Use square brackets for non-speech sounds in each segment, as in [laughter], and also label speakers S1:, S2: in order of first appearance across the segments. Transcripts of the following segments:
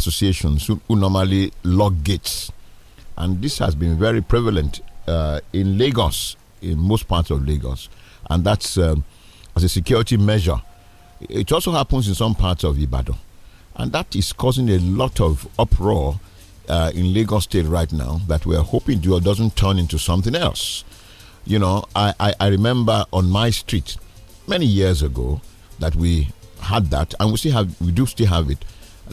S1: associations who, who normally lock gates. And this has been very prevalent uh, in Lagos, in most parts of Lagos. And that's um, as a security measure. It also happens in some parts of Ibadan. And that is causing a lot of uproar uh, in Lagos State right now that we are hoping Duo doesn't turn into something else. You know, I, I, I remember on my street many years ago that we had that, and we still have we do still have it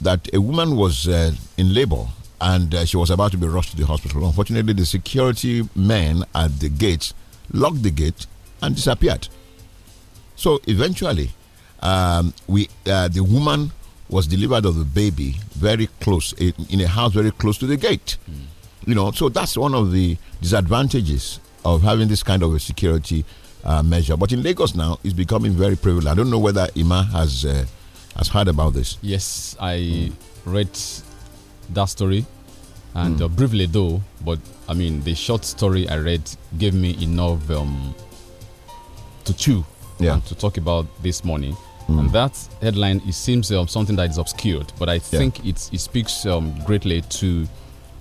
S1: that a woman was uh, in labor and uh, she was about to be rushed to the hospital. Unfortunately, the security men at the gate locked the gate and disappeared. So eventually, um, we uh, the woman was delivered of the baby very close in, in a house very close to the gate. Mm. You know, so that's one of the disadvantages of having this kind of a security uh, measure. But in Lagos now, it's becoming very prevalent. I don't know whether Ima has uh, has heard about this. Yes, I mm. read that story,
S2: and mm. uh, briefly though, but I mean, the short story I read gave me enough um, to chew yeah. and to talk about this morning. Mm. And that headline, it seems um, something that is obscured, but I think yeah. it, it speaks um, greatly to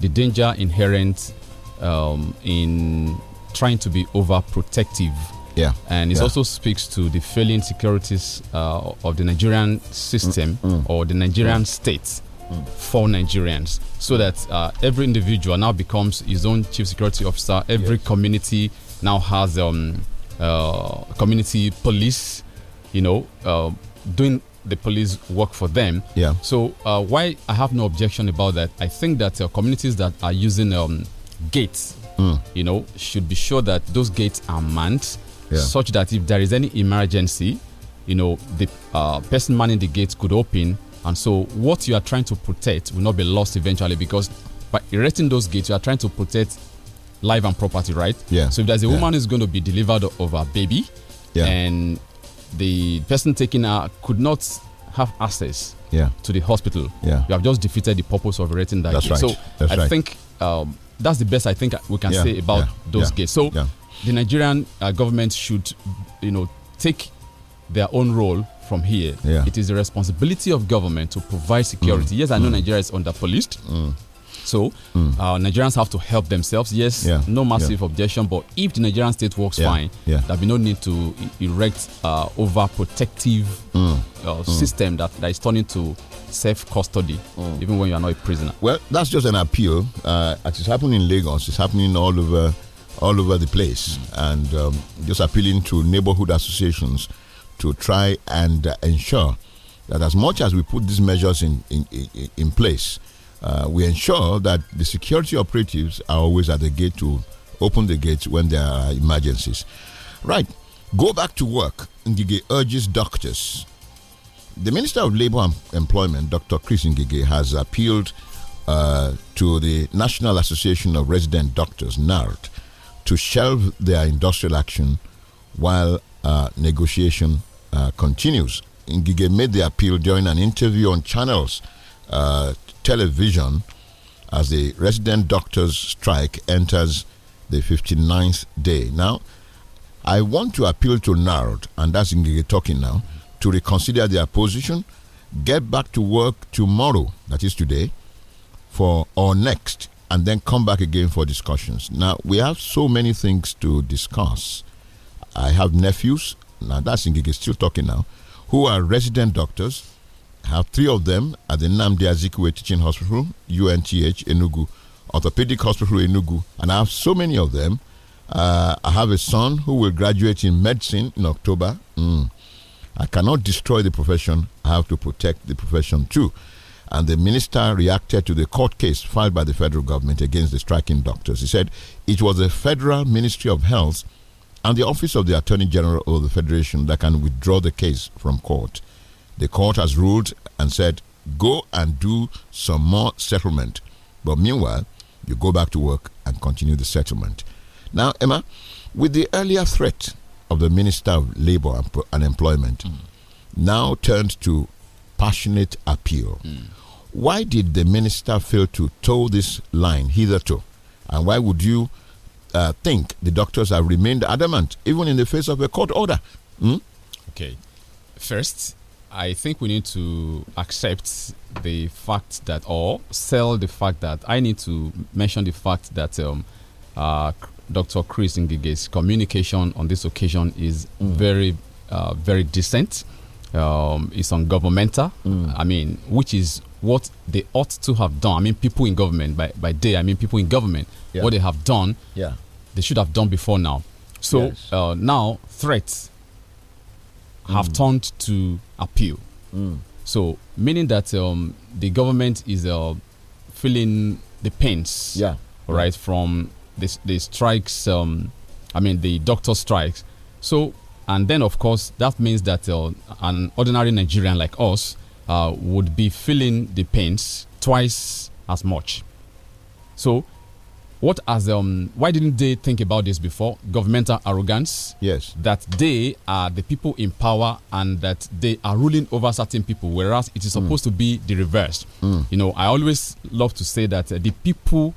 S2: the danger inherent um, in trying to be overprotective yeah. And it yeah. also speaks to the failing securities uh, of the Nigerian system mm, mm, or the Nigerian mm, state for Nigerians so that uh, every individual now becomes his own chief security officer. Every yes. community now has um, uh, community police, you know, uh, doing the police work for them. Yeah. So uh, why I have no objection about that. I think that uh, communities that are using um, gates, mm. you know, should be sure that those gates are manned yeah. such that if there is any emergency, you know, the uh, person manning the gates could open. And so what you are trying to protect will not be lost eventually because by erecting those gates, you are trying to protect life and property, right? Yeah. So if there's a yeah. woman who's going to be delivered of a baby yeah. and the person taking her could not have access yeah. to the hospital, yeah. you have just defeated the purpose of erecting that that's gate. Right. So that's I right. think um, that's the best I think we can yeah. say about those gates. So the Nigerian uh, government should, you know, take their own role from here. Yeah. It is the responsibility of government to provide security. Mm. Yes, I know mm. Nigeria is underpoliced. Mm. So, mm. uh, Nigerians have to help themselves. Yes, yeah. no massive yeah. objection. But if the Nigerian state works fine, there'll be no need to erect uh, overprotective mm. uh, mm. system that, that is turning to self custody, even when you are not a prisoner. Well,
S1: that's just an appeal. Uh, it's happening in Lagos. It's happening all over all over the place, and um, just appealing to neighborhood associations to try and uh, ensure that as much as we put these measures in in, in, in place, uh, we ensure that the security operatives are always at the gate to open the gates when there are emergencies. Right, go back to work. Ngige urges doctors. The Minister of Labour and Employment, Dr. Chris Ngige, has appealed uh, to the National Association of Resident Doctors, NARD, to shelve their industrial action while uh, negotiation uh, continues. Ngige made the appeal during an interview on channels uh, television as the resident doctors' strike enters the 59th day. Now, I want to appeal to NARD, and that's Ngige talking now, to reconsider their position, get back to work tomorrow, that is today, for or next and then come back again for discussions. Now, we have so many things to discuss. I have nephews, now that's Ngige still talking now, who are resident doctors. I have three of them at the Namdi Azikiwe Teaching Hospital, UNTH, Enugu, Orthopedic Hospital, Enugu, and I have so many of them. Uh, I have a son who will graduate in medicine in October. Mm. I cannot destroy the profession, I have to protect the profession too and the minister reacted to the court case filed by the federal government against the striking doctors. He said it was the Federal Ministry of Health and the Office of the Attorney General of the Federation that can withdraw the case from court. The court has ruled and said, go and do some more settlement. But meanwhile, you go back to work and continue the settlement. Now, Emma, with the earlier threat of the Minister of Labor and, Employment, mm. now turned to passionate appeal. Mm. Why did the minister fail to toe this line hitherto? And why would you uh, think the doctors have remained adamant, even in the face of a court order? Mm? Okay. First,
S2: I think we need to accept the fact that, or sell the fact that I need to mention the fact that um, uh, Dr. Chris Ngige's communication on this occasion is mm. very, uh, very decent um, is governmental. Mm. I mean, which is what they ought to have done. I mean, people in government, by, by day, I mean, people in government, yeah. what they have done, yeah. they should have done before now. So yes. uh, now threats mm. have turned to appeal. Mm. So, meaning that um, the government is uh, feeling the pains, yeah. right, from the, the strikes, um, I mean, the doctor strikes. So, and then, of course, that means that uh, an ordinary Nigerian like us uh, would be feeling the pains twice as much. So, what as um, why didn't they think about this before? Governmental arrogance. Yes. That they are the people in power and that they are ruling over certain people, whereas it is hmm. supposed mm. to be the reverse. Mm. You know, I always love to say that uh, the people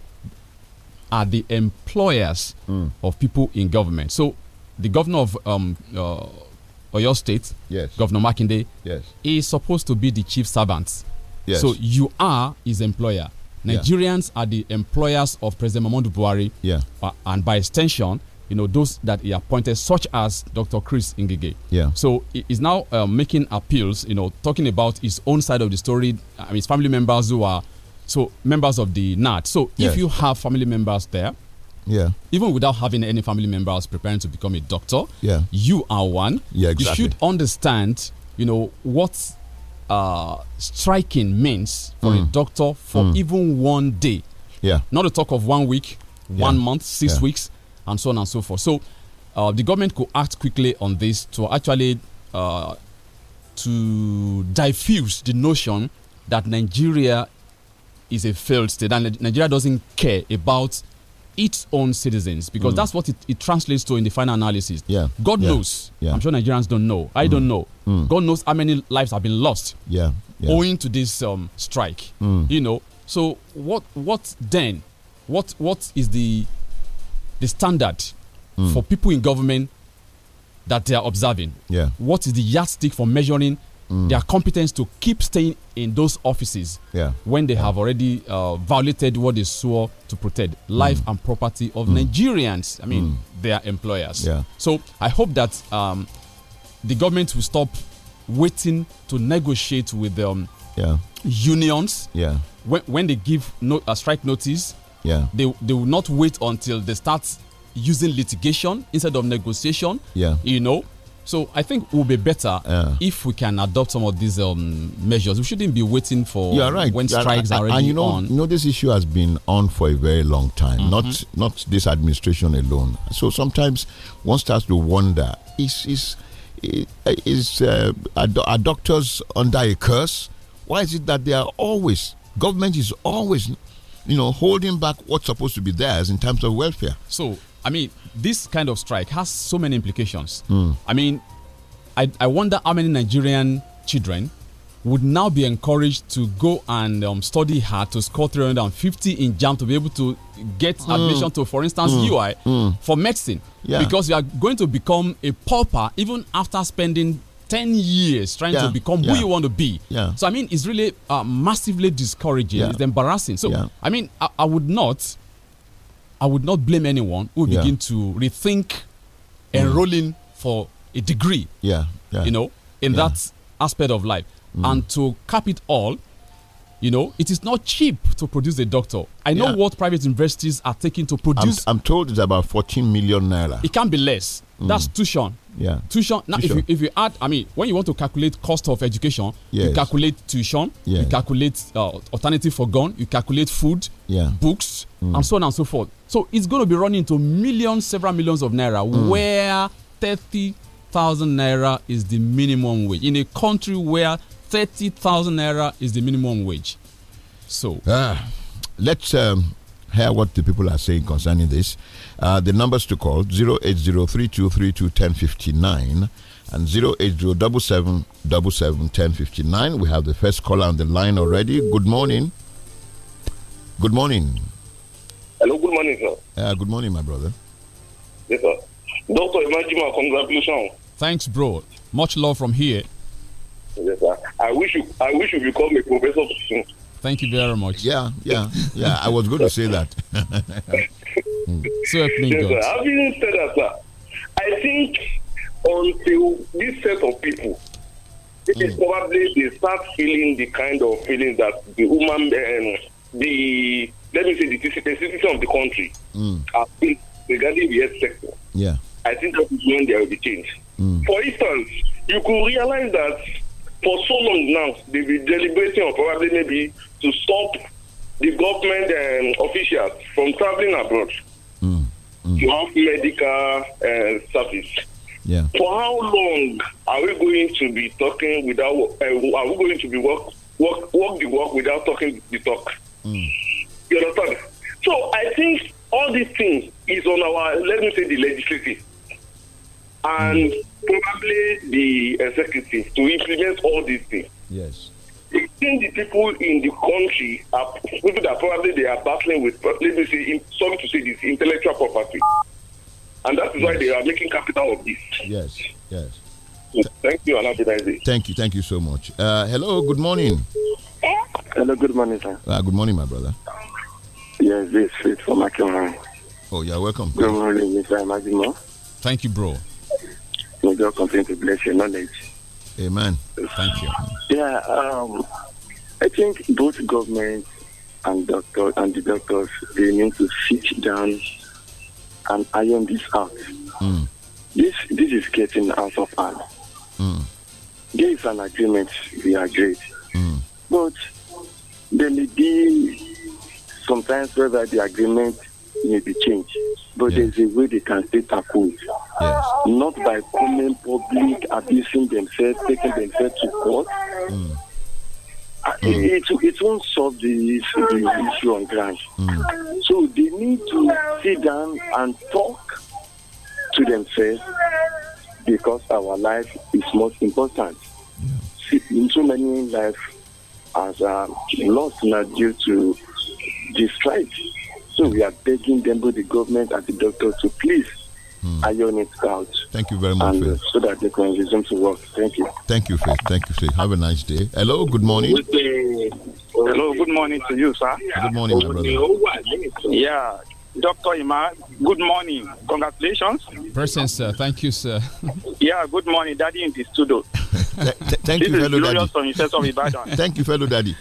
S2: are the employers mm. of people in government. So the governor of um, uh, Oyo State, yes. Governor Makinde, yes. is supposed to be the chief servant. Yes. So you are his employer. Nigerians yeah. are the employers of President Mahmoud Buhari. Yeah. Uh, and by extension, you know, those that he appointed, such as Dr. Chris Ngige. Yeah. So he's now uh, making appeals, you know, talking about his own side of the story. I mean, his family members who are so members of the NAT. So yes. if you have family members there, yeah. Even without having any family members preparing to become a doctor. Yeah. You are one. Yeah, exactly. You should understand, you know, what uh, striking means for mm. a doctor for mm. even one day. Yeah. Not the talk of one week, one month, six yeah. weeks, and so on and so forth. So uh, the government could act quickly on this to actually uh, to diffuse the notion that Nigeria is a failed state and Nigeria doesn't care about its own citizens because mm. that's what it, it, translates to in the final analysis. Yeah. God yeah. knows. Yeah. I'm sure Nigerians don't know. I mm. don't know. Mm. God knows how many lives have been lost.
S1: Yeah. yeah.
S2: Owing to this um, strike. Mm. You know. So what what then? What what is the the standard mm. for people in government that they are observing? Yeah. What is the yardstick for measuring mm. their competence to keep staying in those offices yeah. when they yeah. have already uh, violated what they swore to protect life mm. and property of mm. Nigerians. I mean, mm. their employers. Yeah. So I hope that um, the government will stop waiting to negotiate with them. Um, unions. Yeah. When, when they give no, a uh, strike notice, yeah. they, they will not wait until they start using litigation instead of negotiation. Yeah. You know, so I think it will be better yeah. if we can adopt some of these um, measures. We shouldn't be waiting for you are right. when strikes are, are already and you know, on.
S1: You know, this issue has been on for a very long time. Mm -hmm. Not mm-hmm. not this administration alone. So sometimes one starts to wonder: Is is is uh, are, are doctors under a curse? Why is it that they are always government is always you know, holding back what's supposed to be theirs in terms of welfare.
S2: So I mean,
S1: this kind of strike
S2: has so many implications. Mm. I mean, I, I wonder how many Nigerian children would now be encouraged to go and um, study hard to score 350 in JAM to be able to get mm. admission to, for instance, mm. UI mm. for medicine. Yeah. Because you are going to become a pauper even after spending 10 years trying yeah. to become yeah. who you want to be. So, I mean, it's really uh, massively discouraging. It's embarrassing. So, I mean, I, I would not I would not blame anyone who yeah. begin to rethink enrolling mm. for a degree.
S1: Yeah, yeah. you
S2: know, in yeah. that aspect of life. Mm. And to cap it all, you know, it is not cheap to produce a doctor.
S1: I know yeah. what private universities are taking to produce. I'm, I'm, told it's about 14 million naira.
S2: It can be less. Mm. That's tuition.
S3: Yeah. Tuition. Now, tuition. If,
S2: you, if you add, I mean, when you want to calculate cost of education, yes. you calculate tuition, yes. you calculate uh, alternative for gun, you calculate food, yeah. books, mm. and so on and so forth. So it's going to be running to millions, several millions of naira, mm. where 30,000 naira is the minimum wage. In a country where 30,000 naira is the minimum wage. So.
S1: Uh, let's um, hear what the people are saying concerning this. Uh, the numbers to call 08032321059 and 08077771059. We have the first caller on the line already. Good morning. Good morning. Hello, good morning, sir. good morning, my brother. Yes, sir.
S4: Doctor Imajima, congratulations.
S1: Thanks, bro. Much love from here.
S4: Yes, sir. I wish you, I wish you become a professor soon.
S1: Thank you very much. Yeah, yeah, yeah. I was going to say that. [laughs] yes, sir. Having
S4: said that, sir, I think until this set of people, it is hmm. probably they start feeling the kind of feeling that the woman, um, the let me say the specificity of the country mm. regarding the health sector. Yeah. I think that is when there will be change. Mm. For instance, you could realize that for so long now, they've been deliberating on probably maybe to stop the government um, officials from traveling abroad mm. Mm. to have medical uh, service. Yeah. For how long are we going to be talking without? Uh, are we going to be work work work the work without talking the talk? Mm. You understand? So I think all these things is on our, let me say, the legislative and hmm. probably the executive to implement all these things. Yes. I think the people in the country are people that probably they are battling with, let me say, sorry to say this, intellectual property. And that is yes. why they are making capital of this.
S1: Yes, yes.
S4: thank you, and have a
S1: Thank you, thank you so much. Uh, hello, good morning.
S5: Hello, good morning, sir.
S1: Uh, good morning, my brother. Um,
S5: Yes, this is Faith from Akinwari.
S1: Oh, you're welcome. Good
S5: morning, Mr. Amazimo. Thank you, bro. May God continue to bless your knowledge.
S1: Amen. Thank you.
S5: Yeah, um, I think both government and doctor and the doctors they need to sit down and iron this out. Mm. This this is getting out of hand. Mm. There is an agreement we agreed, mm. but there may be sometimes whether the agreement may be changed, but yes. there's a way they can stay tackled. Yes. Not by coming public, abusing themselves, taking themselves to court. Mm. Uh, mm. It, it, won't solve the, the issue on ground. Mm. So they need to sit down and talk to themselves because our life is most important. Yeah. See, in so many lives as um, lost now due to the strike. So we are begging them, both the government and the doctors, to please mm. iron it out.
S1: Thank you very much, and, Faith.
S5: So that they can resume to work. Thank you.
S1: Thank you, Faith. Thank you, Faith. Have a nice day. Hello, good morning.
S6: Good Hello, good morning to you, sir. Good morning, my brother. Yeah, Dr. Ima, good morning. Congratulations.
S1: Present, sir. Thank you, sir.
S6: [laughs] yeah, good morning, Daddy in the studio. thank this you, fellow glorious daddy. From of [laughs]
S1: thank you, fellow daddy.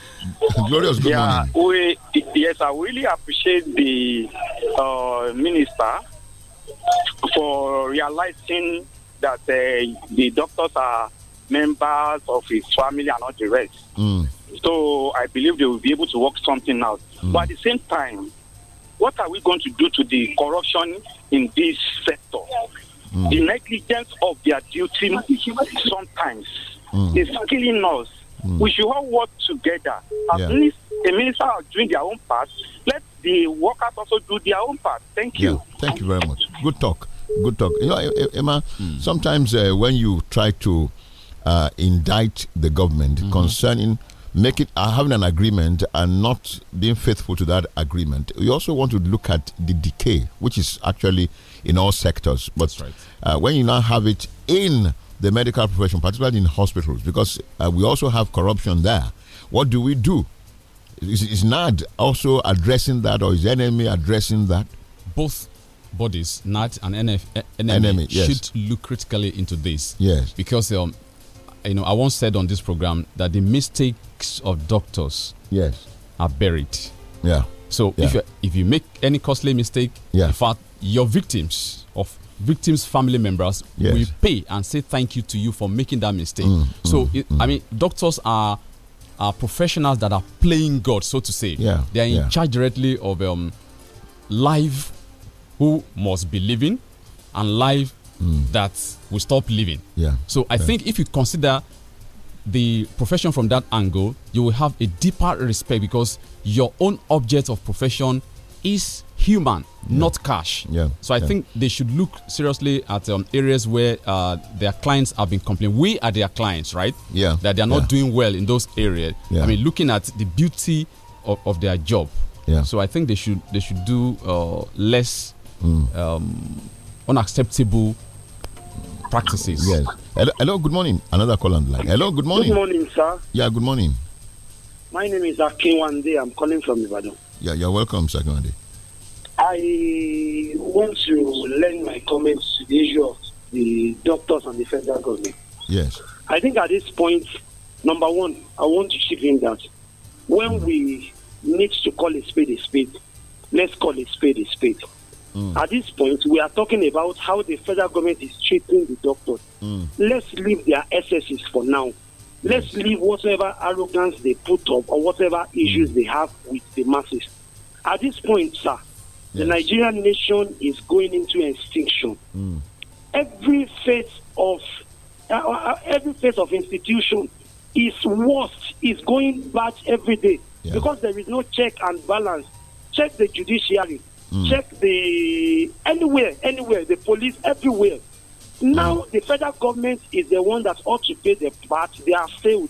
S1: glorious, good yeah,
S6: morning. We, yes, I really appreciate the uh, minister for realizing that uh, the doctors are members of his family and not the rest. Mm. So I believe they will be able to work something out. Mm. But at the same time, what are we going to do to the corruption in this sector? Mm. The negligence of their duty sometimes mm. is killing us. Mm. We should all work together. At yeah. least the minister are doing their own part. Let the workers also do their own part. Thank you.
S1: Yeah. Thank you very much. Good talk. Good talk. You know, Emma, hmm. sometimes uh, when you try to uh, indict the government -hmm. concerning making uh, having an agreement and not being faithful to that agreement. We also want to look at the decay, which is actually in all sectors. But right. uh, when you now have it in the medical profession, particularly in hospitals, because uh, we also have corruption there. What do we do? Is, is NAD also addressing that, or is NME addressing that?
S2: Both bodies, NAD and NF, yes. should look critically into this. Yes, because um, you know, I once said on this program that the mistake of doctors yes are buried. Yeah. So yeah. if you if you make any costly mistake, yeah. in fact, your victims of victims' family members yes. will pay and say thank you to you for making that mistake. Mm, so mm, it, mm. I mean, doctors are are professionals that are playing God, so to say. Yeah. They are in yeah. charge directly of um life who must be living and life mm. that will stop living. Yeah. So I think if you consider the profession from that angle, you will have a deeper respect because your own object of profession is human, yeah. not cash. Yeah. So I yeah. think they should look seriously at um, areas where uh, their clients have been complaining. We are their clients, right? Yeah. That they are not yeah. doing well in those areas. Yeah. I mean, looking at the beauty of, of their job. Yeah. So I think they
S1: should they should do uh, less mm. um, unacceptable practices. Yes. Hello, hello, good morning. Another call on the line. Hello, good morning. Good morning, sir. Yeah, good morning.
S6: My name is Akinwande. I'm calling from Ibadan.
S1: Yeah, you're welcome, Sir Akinwande.
S6: I want to lend my comments to the issue of the doctors and the federal government. Yes. I think at this point, number one, I want to chip in that when mm. we need to call a spade a spade, let's call a spade a spade. Mm. At this point, we are talking about how the federal government is treating the doctors. Mm. Let's leave their excesses for now. Let's mm. leave whatever arrogance they put up or whatever mm. issues they have with the masses. At this point, sir, yes. the Nigerian nation is going into extinction. Mm. Every face of uh, uh, uh every face of institution is worst is going bad every day yeah. because there is no check and balance. Check the judiciary, Mm. Check the anywhere, anywhere, the police everywhere. Now mm. the federal government is the one that ought to pay the part. They have failed.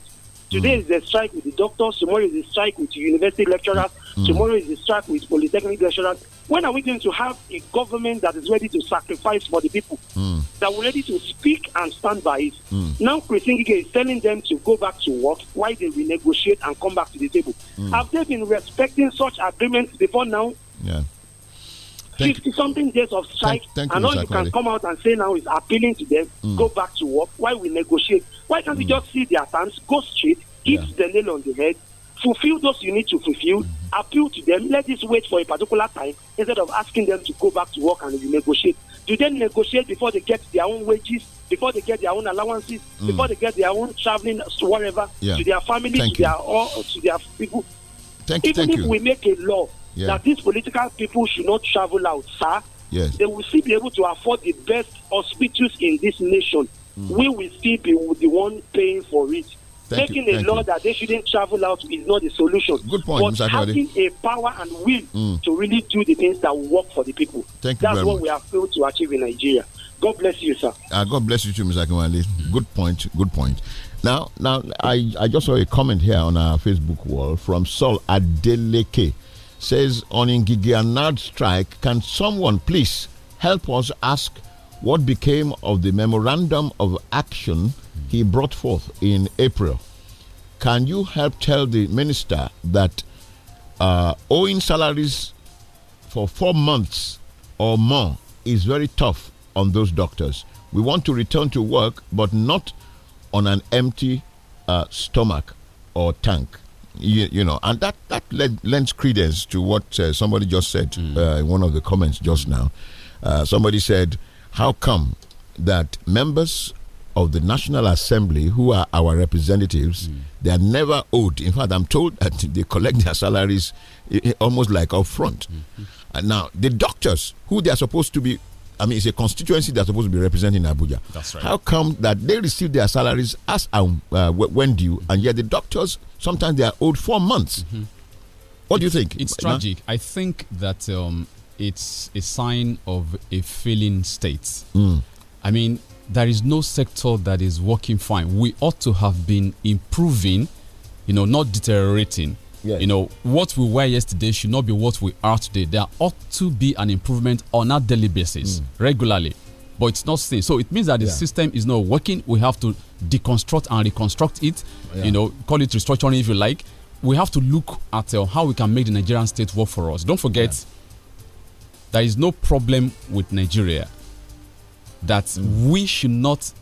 S6: Today mm. is the strike with the doctors. Tomorrow is the strike with the university lecturers. Mm. Tomorrow is the strike with polytechnic lecturers. When are we going to have a government that is ready to sacrifice for the people? Mm. That were ready to speak and stand by it. Mm. Now Chris Ngige is telling them to go back to work while they renegotiate and come back to the table. Mm. Have they been respecting such agreements before now? Yeah. 50 something days of strike thank, thank and all you can come out and say now is appealing to them mm. go back to work why we negotiate why can't mm. we just see their terms go straight hit yeah. the nail on the head fulfill those you need to fulfill mm. appeal to them let this wait for a particular time instead of asking them to go back to work and negotiate do they negotiate before they get their own wages before they get their own allowances mm. before they get their own traveling whatever yeah. to their families, to you. their all, to their people thank, even thank if you. we make a law yeah. that these political people should not travel out, sir. Yes. They will still be able to afford the best hospitals in this nation. Mm. We will still be the one paying for it. Thank Making you, a law you. that they shouldn't travel out is not the solution. Good point, but Mr. having a power and will mm. to really do the things that work for the people. Thank That's you That's what much. we have failed to achieve in Nigeria. God bless you, sir.
S1: Uh, God bless you too, Mr. Kimali. Good point. Good point. Now, now I, I just saw a comment here on our Facebook wall from Saul Adeleke says on Ngigi strike, can someone please help us ask what became of the memorandum of action he brought forth in April? Can you help tell the minister that uh, owing salaries for four months or more is very tough on those doctors? We want to return to work, but not on an empty uh, stomach or tank you, you know, and that that lends credence to what uh, somebody just said mm. uh, in one of the comments just now. Uh, somebody said, "How come that members of the National Assembly, who are our representatives, mm. they are never owed? In fact, I'm told that [laughs] they collect their salaries almost like upfront." Mm -hmm. And now the doctors, who they are supposed to be I mean, it's a constituency that's supposed to be representing Abuja. That's right. How come that they receive their salaries as um, uh, when due, and yet the doctors sometimes they are owed four months? Mm -hmm. What it's, do you think? It's tragic.
S2: I think that um, it's a sign of a failing state. Mm. I mean, there is no sector that is working fine. We ought to have been improving, you know, not deteriorating. Yes. You know, what we wear yesterday should not be what we are today. There ought to be an improvement on a daily basis, mm. regularly. But it's not seen. So it means that the yeah. system is not working. We have to deconstruct and reconstruct it. Yeah. You know, call it restructuring if you like. We have to look at uh, how we can make the Nigerian state work for us. Don't forget, yeah. there is no problem with Nigeria that mm. we should not,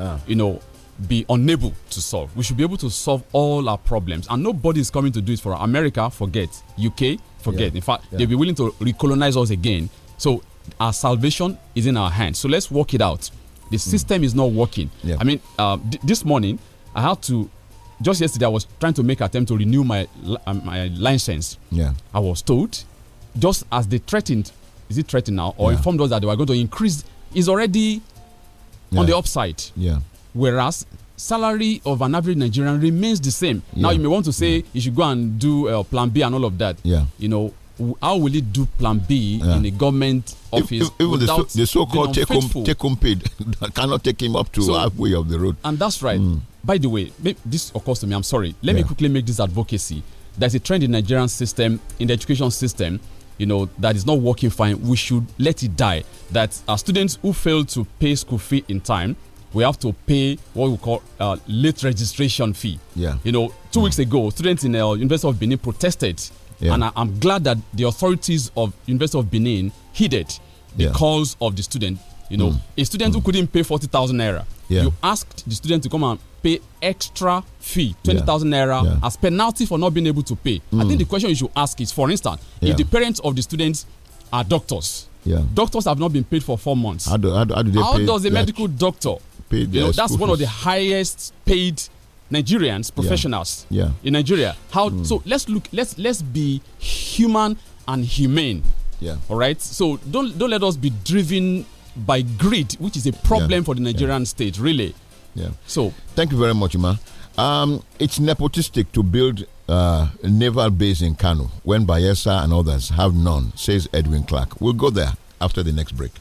S2: uh. you know, be unable to solve. We should be able to solve all our problems, and nobody is coming to do it for America. Forget UK. Forget. Yeah. In fact, yeah. they'll be willing to recolonize us again. So our salvation is in our hands. So let's work it out. The hmm. system mm. is not working. Yeah. I mean, uh, th this morning I had to. Just yesterday, I was trying to make attempt to renew my uh, my license. Yeah, I was told, just as they threatened, is it threatened now, or informed us that they were going to increase. Is already on the upside. Yeah whereas salary of an average Nigerian remains the same. Yeah. Now you may want to say yeah. you should go and do uh, plan B and all of that. Yeah. You know, how will it do plan B yeah. in a government office? Even the, so, so called take home, take home paid [laughs] cannot take him up to so, halfway of the road. And that's right. Mm. By the way, this occurs to me, I'm sorry. Let yeah. me quickly make this advocacy. There's a trend in Nigerian system, in the education system, you know, that is not working fine. We should let it die. That our students who fail to pay school fee in time, we have to pay what we call uh, late registration fee. Yeah. You know, two mm. weeks ago, students in the uh, University of Benin protested, yeah. and I, am glad that the authorities of University of Benin heeded the yeah. calls of the student. You know, mm. a student mm. who couldn't pay forty thousand naira, yeah. you asked the student to come and pay extra fee twenty thousand naira as penalty for not being able to pay. I think mm. the question you should ask is, for instance, if the parents of the students are doctors. Yeah. Doctors have not been paid for four months. How, do, how, do, how, do how does a medical doctor you know, That's one of the highest paid Nigerians professionals yeah. Yeah. in Nigeria. How mm. so? Let's look. Let's let's be human and humane. Yeah. All right. So don't don't let us be driven by greed, which is a problem yeah. for the Nigerian state, really.
S1: Yeah. So thank you very much, Ma. Um, it's nepotistic to build uh, a naval base in Kano when Bayesa and others have none, says Edwin Clark. We'll go there after the next break.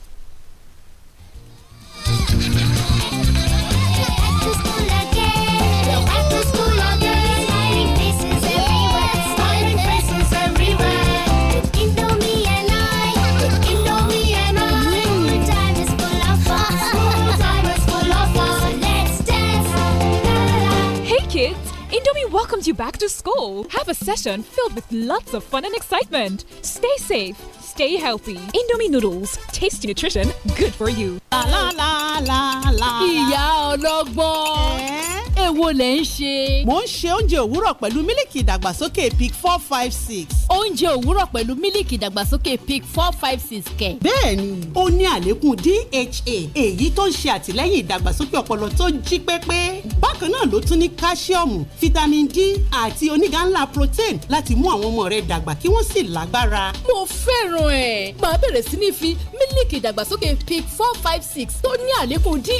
S7: welcomes you back to school. Have a session filled with lots of fun and excitement. Stay safe, Stay healthy. Indomie noodles, tasty nutrition, good for you. La la la la la. Ìyá ọlọ́gbọ́n. Eh? Èwo lẹ̀ ń ṣe?
S8: Mo ń ṣe oúnjẹ òwúrọ̀ pẹ̀lú mílìkì ìdàgbàsókè Peak four five six. Oúnjẹ òwúrọ̀ pẹ̀lú
S7: mílìkì ìdàgbàsókè Peak four five six kẹ̀.
S8: Bẹ́ẹ̀ni, ó ní àlékún DHA èyí tó ń ṣe àtìlẹ́yìn ìdàgbàsókè ọpọlọ tó jí pépé. Bákan náà ló tún ní káṣíọ̀mù, fítámìn D àti onígànlá protein láti mú àwọn ọmọ rẹ dàgbà kí wọ́n sì lágbára. Mo fẹ́ràn ẹ̀. máa bẹ̀rẹ̀ sí ní fi mílíkì ìdàgbàsókè pic four five six
S7: tó ní àlékún dha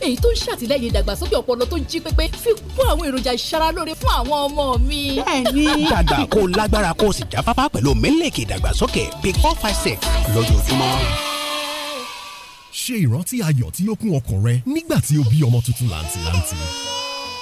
S7: èyí tó ń ṣàtìlẹ́yìn ìdàgbàsókè ọpọlọ tó jí pépé fi kún àwọn èròjà ìṣaralóore fún àwọn ọmọ mi. bẹ́ẹ̀ni dàgbà
S8: kó lágbára kó o sì jáfáfá pẹ̀lú mílíkì ìdàgbàsókè pic four five six lójoojúmọ́ ṣe ìrántí ayọ̀ tí ó kún ọkàn rẹ nígbà tí o bí ọmọ tuntun làǹtìlanti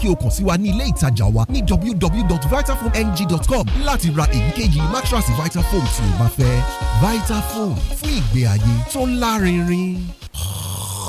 S8: kí o kàn sí wa ní ilé ìtajà wa ní www.vitafoamng.com láti ra èyíkéyìí mátrasì Vitafoam
S9: tí o bá fẹ́ Vitafoam fún ìgbé ayé tó lárinrin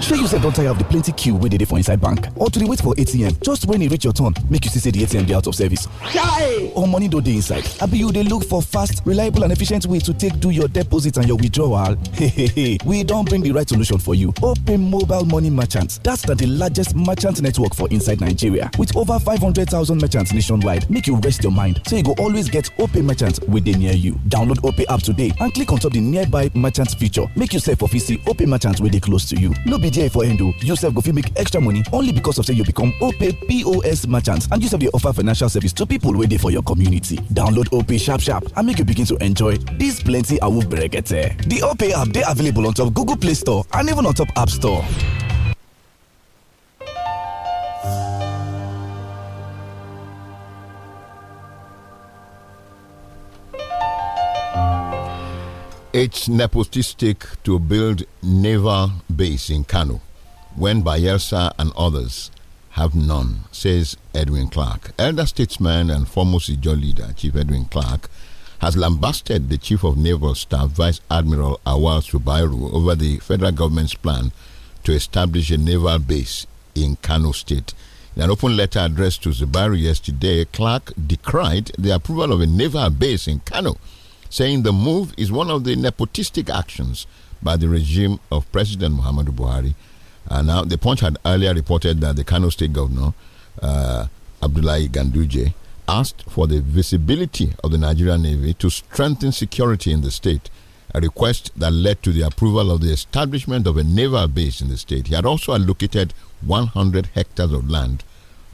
S8: shey you sef don tire of di plenty queue wey dey for inside bank or to dey wait for atm just when e reach your turn make you see say di atm dey out of service or money no dey inside abi you dey look for fast reliable and efficient way to take do your deposit and your withdrawal [laughs] we don bring di right solution for you open mobile money merchant dat na di largest merchant network for inside nigeria with over five hundred thousand merchants nationwide make you rest your mind so you go always get open merchant wey dey near you download open app today and click on top di nearby merchant feature make you sef for fit see open merchant wey dey close to you no bta for endo yourself go fit make extra money only because of say you become opay pos merchant and you sef dey offer financial service to people wey dey for your community download opay sharp sharp and make you begin to enjoy dis plenty awoof berekete The opay app dey available on top google play store and even on top app store.
S1: It's nepotistic to build naval base in Kano when Bayelsa and others have none, says Edwin Clark. Elder statesman and former CJO leader, Chief Edwin Clark, has lambasted the Chief of Naval Staff, Vice Admiral Awal Subairu, over the federal government's plan to establish a naval base in Kano State. In an open letter addressed to Zubairu yesterday, Clark decried the approval of a naval base in Kano saying the move is one of the nepotistic actions by the regime of President Muhammadu Buhari. And uh, now, the Punch had earlier reported that the Kano State Governor, uh, Abdullahi Ganduje, asked for the visibility of the Nigerian Navy to strengthen security in the state, a request that led to the approval of the establishment of a naval base in the state. He had also allocated 100 hectares of land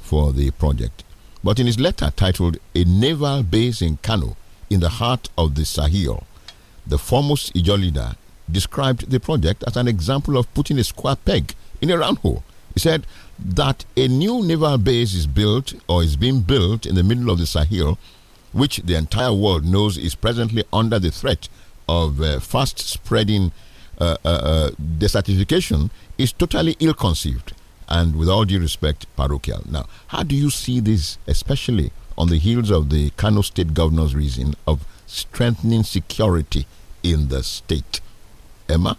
S1: for the project. But in his letter titled A Naval Base in Kano, in the heart of the Sahel. The foremost Ijo leader described the project as an example of putting a square peg in a round hole. He said that a new naval base is built or is being built in the middle of the Sahel, which the entire world knows is presently under the threat of uh, fast spreading uh, uh, uh, desertification, is totally ill conceived and, with all due respect, parochial. Now, how do you see this, especially on the heels of the Kano State Governor's reason of strengthening security in the state. Emma?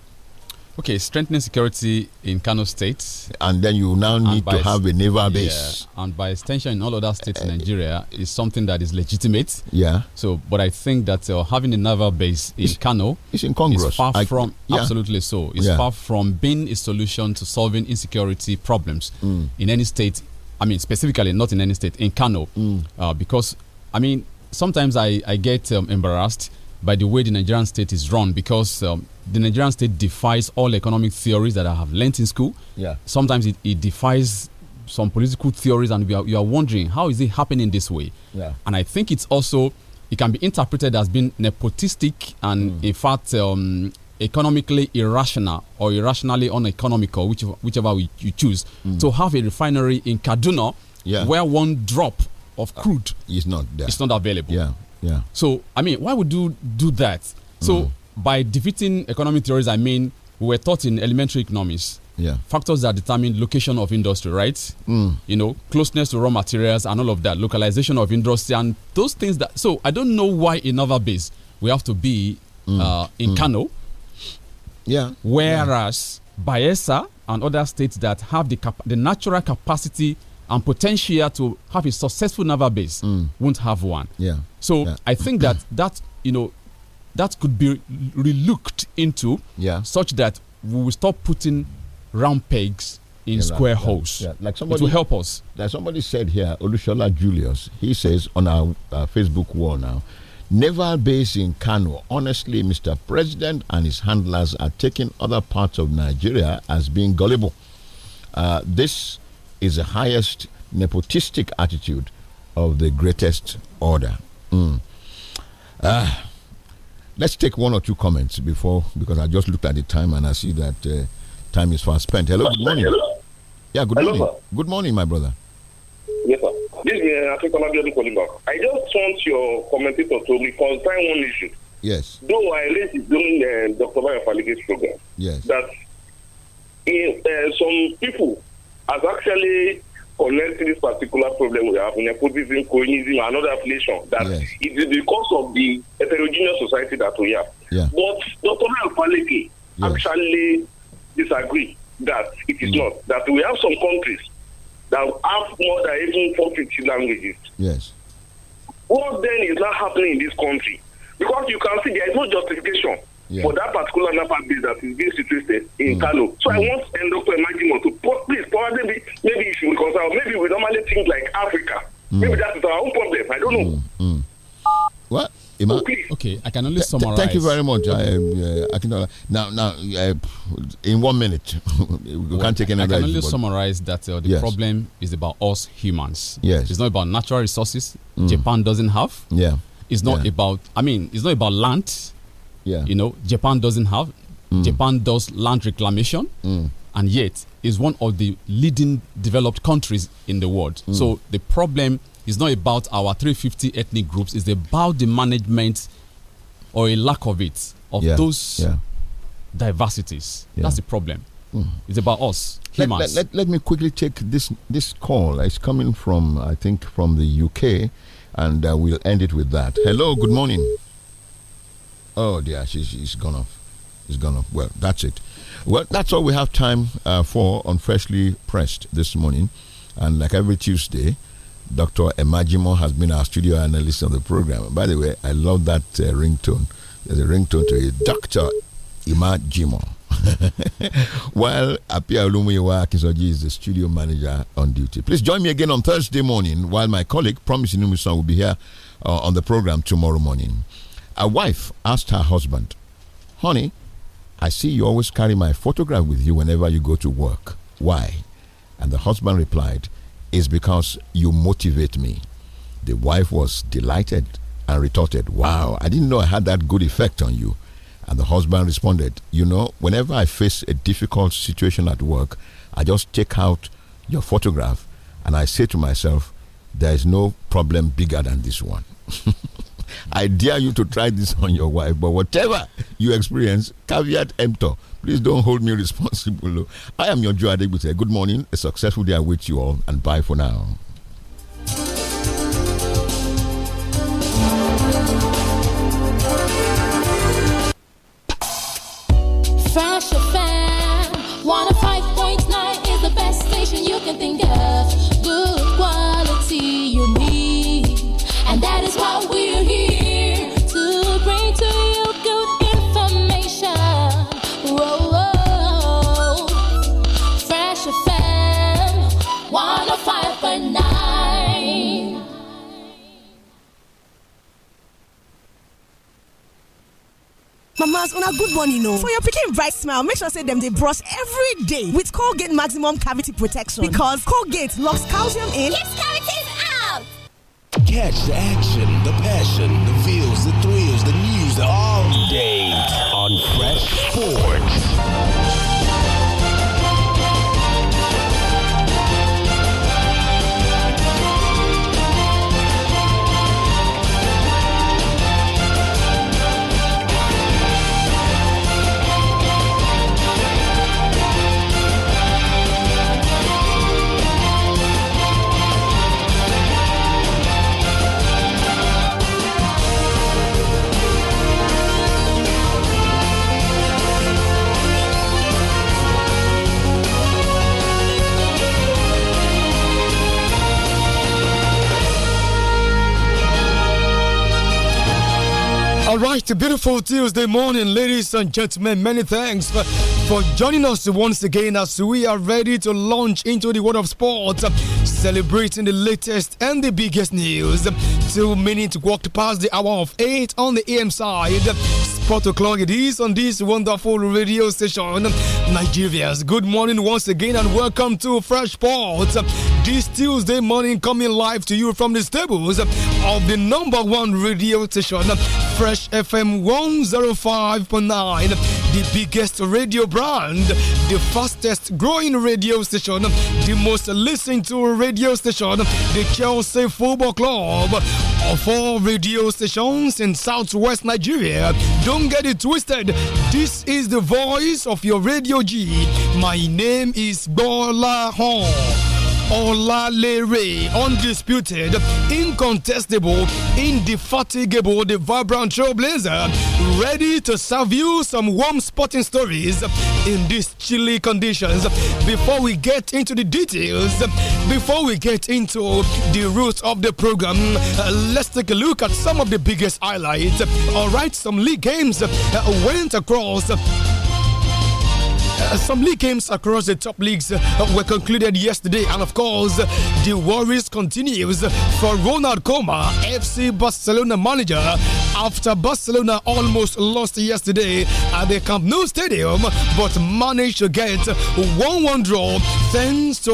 S2: Okay, strengthening security in Kano State.
S1: And then you now need to have a naval base.
S2: Yeah, and by extension, in all other states uh, in Nigeria, is something that is legitimate. Yeah. So, but I think that uh, having a naval base in it's, Kano
S1: it's incongruous. is far I, from, yeah. absolutely
S2: so, it's yeah. far from being a solution to solving insecurity problems mm. in any state I mean, specifically not in any state, in Kano, mm. uh, because I mean, sometimes I, I get um, embarrassed by the way the Nigerian state is run because um, the Nigerian state defies all economic theories that I have learnt in school. Yeah. Sometimes it, it defies some political theories, and are, you are wondering how is it happening this way. Yeah. And I think it's also it can be interpreted as being nepotistic and mm. in fact um, economically irrational or irrationally uneconomical, which, whichever we, you choose, mm. to have a refinery in Kaduna yeah. where one drop of uh, crude
S1: uh, is not there. It's
S2: not available. Yeah, yeah. So I mean, why would you do that? So mm. by defeating economic theories, I mean we were taught in elementary economics. Yeah. Factors that determine location of industry, right? Mm. You know, closeness to raw materials and all of that, localization of industry and those things that. So I don't know why in other base we have to be mm. uh, in mm. Kano yeah. Whereas yeah. Bayelsa and other states that have the the natural capacity and potential to have a successful naval base mm. won't have one. Yeah. So yeah. I think that [clears throat] that you know that could be relooked into yeah. such that we will stop putting round pegs in yeah, square like, holes. Yeah, like somebody, it will help
S1: us. Like somebody said here, Olushola Julius, he says on our uh, Facebook wall now, Naval base in Kano. Honestly, Mr. President and his handlers are taking other parts of Nigeria as being gullible. Uh, this is the highest nepotistic attitude of the greatest order. Mm. Uh, let's take one or two comments before, because I just looked at the time and I see that uh, time is fast spent. Hello, good morning. Yeah, good morning. Good morning, my brother.
S4: This is uh, African Abiodun calling back. I just want your commentator to reconcile one issue. Yes. Though I raised it during uh, Dr. Bayo Faligi's program. Yes. That uh, some people have actually connected this particular problem we have in nepotism, colonialism, another other affiliation. That yes. it is because of the heterogeneous society that we have. Yeah. But Dr. Bayo yes. actually disagree that it is mm. not. That we have some countries that have more than even 450 languages. Yes. What then is not happening in this country? Because you can see there is no justification yeah. for that particular NAPA base that is being situated in mm. Kano. So mm. I want Dr. Imajimo to please probably maybe, you should reconcile. Maybe we normally think like Africa. Mm. Maybe that is our own problem. I don't know. Mm.
S1: Mm. What? okay. okay, I can only summarize. thank you very much, I, can um, uh, Now, now, uh, in one minute, [laughs] we well, can't take
S2: any. I can only summarize that uh, the yes. problem is about us humans. Yes, it's not about natural resources. Mm. Japan doesn't have. Yeah, it's not yeah. about. I mean, it's not about land. Yeah, you know, Japan doesn't have. Mm. Japan does land reclamation, mm. and yet is one of the leading developed countries in the world. Mm. So the problem it's not about our 350 ethnic groups. It's about the management or a lack of it of yeah, those yeah. diversities. Yeah. That's the problem. Mm. It's about us. Let, let, let,
S1: let, me quickly take this this call. It's coming from I think from the UK, and uh, we'll end it with that. Hello, good morning. Oh dear, she's, she's gone off. She's gone off. Well, that's it. Well, that's all we have time uh, for on Freshly Pressed this morning, and like every Tuesday Dr. Emajimo has been our studio analyst on the program. By the way, I love that uh, ringtone. There's a ringtone to it. Dr. Emajimo. [laughs] While Apia Olumuyiwa Akinsoji is the studio manager on duty. Please join me again on Thursday morning while my colleague, Promise Inumison, will be here uh, on the program tomorrow morning. A wife asked her husband, Honey, I see you always carry my photograph with you whenever you go to work. Why? And the husband replied, is because you motivate me. The wife was delighted and retorted, Wow, I didn't know I had that good effect on you. And the husband responded, You know, whenever I face a difficult situation at work, I just take out your photograph and I say to myself, There is no problem bigger than this one. [laughs] I dare you to try this on your wife. But whatever you experience, caveat emptor. Please don't hold me [laughs] responsible. I am your Joe Adegbute. Good morning. A successful day awaits you all, and bye for now.
S7: Fashion. smiles una good one, you know. For your pikin bright smile, make sure say them dey brush every day with Colgate Maximum Cavity Protection because Colgate locks calcium in. Keeps
S10: cavities out.
S9: Catch the action, the passion, the feels, the thrills, the news all day on Fresh Sports.
S3: All right, a beautiful Tuesday morning, ladies and gentlemen. Many thanks for, for joining us once again as we are ready to launch into the world of sports, celebrating the latest and the biggest news. Two minutes walked past the hour of eight on the AM side. Sport o'clock it is on this wonderful radio station. Nigerians, good morning once again and welcome to Fresh Sports this Tuesday morning, coming live to you from the stables of the number one radio station, Fresh FM 105.9, the biggest radio brand, the fastest growing radio station, the most listened to radio station, the Chelsea Football Club of all radio stations in southwest Nigeria. Don't get it twisted. This is the voice of your radio G. My name is Bola Hong. Olalere, undisputed, incontestable, indefatigable, the vibrant trailblazer, ready to serve you some warm sporting stories in these chilly conditions. Before we get into the details, before we get into the roots of the program, uh, let's take a look at some of the biggest highlights. All right, some league games uh, went across. Uh, some league games across the top leagues uh, were concluded yesterday, and of course, the worries continues for Ronald Koeman, FC Barcelona manager, after Barcelona almost lost yesterday at the Camp Nou Stadium, but managed to get 1 1 draw thanks to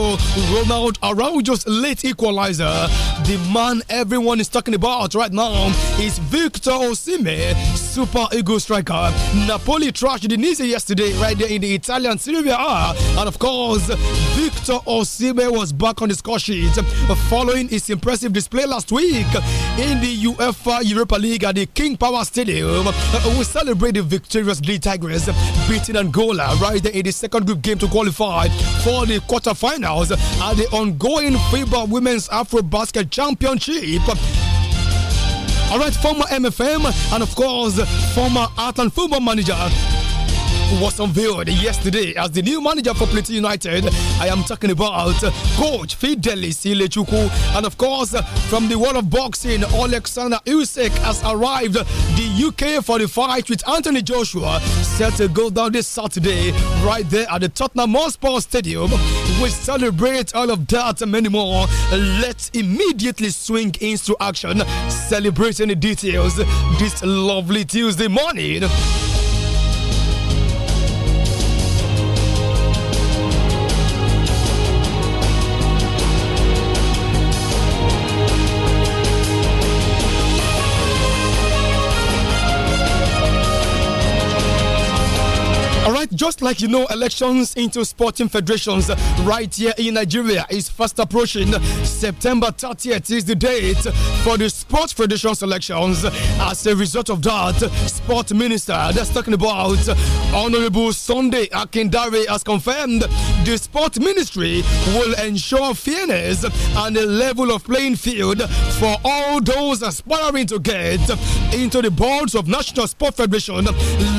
S3: Ronald Araujo's late equalizer. The man everyone is talking about right now is Victor Osime, Super ego striker. Napoli trashed Denise yesterday, right there in the Italian Serie A. And of course, Victor Osime was back on the score sheet following his impressive display last week in the UEFA Europa League at the King Power Stadium. Uh, we celebrate the victorious Blue Tigers beating Angola right in the second group game to qualify for the quarterfinals at the ongoing FIBA Women's Afro Basket Championship. All right, former MFM and of course former and football manager was unveiled yesterday as the new manager for Plateau United. I am talking about coach Fidelis Ilechuku. And of course, from the world of boxing, Alexander Usyk has arrived the UK for the fight with Anthony Joshua, set to go down this Saturday right there at the Tottenham Hotspur Stadium. We celebrate all of that and many more. Let's immediately swing into action, celebrating the details this lovely Tuesday morning. just like you know, elections into sporting federations right here in Nigeria is fast approaching. September 30th is the date for the sports federation selections. As a result of that, sport minister that's talking about Honorable Sunday Akindare has confirmed the sport ministry will ensure fairness and a level of playing field for all those aspiring to get into the boards of National Sport Federation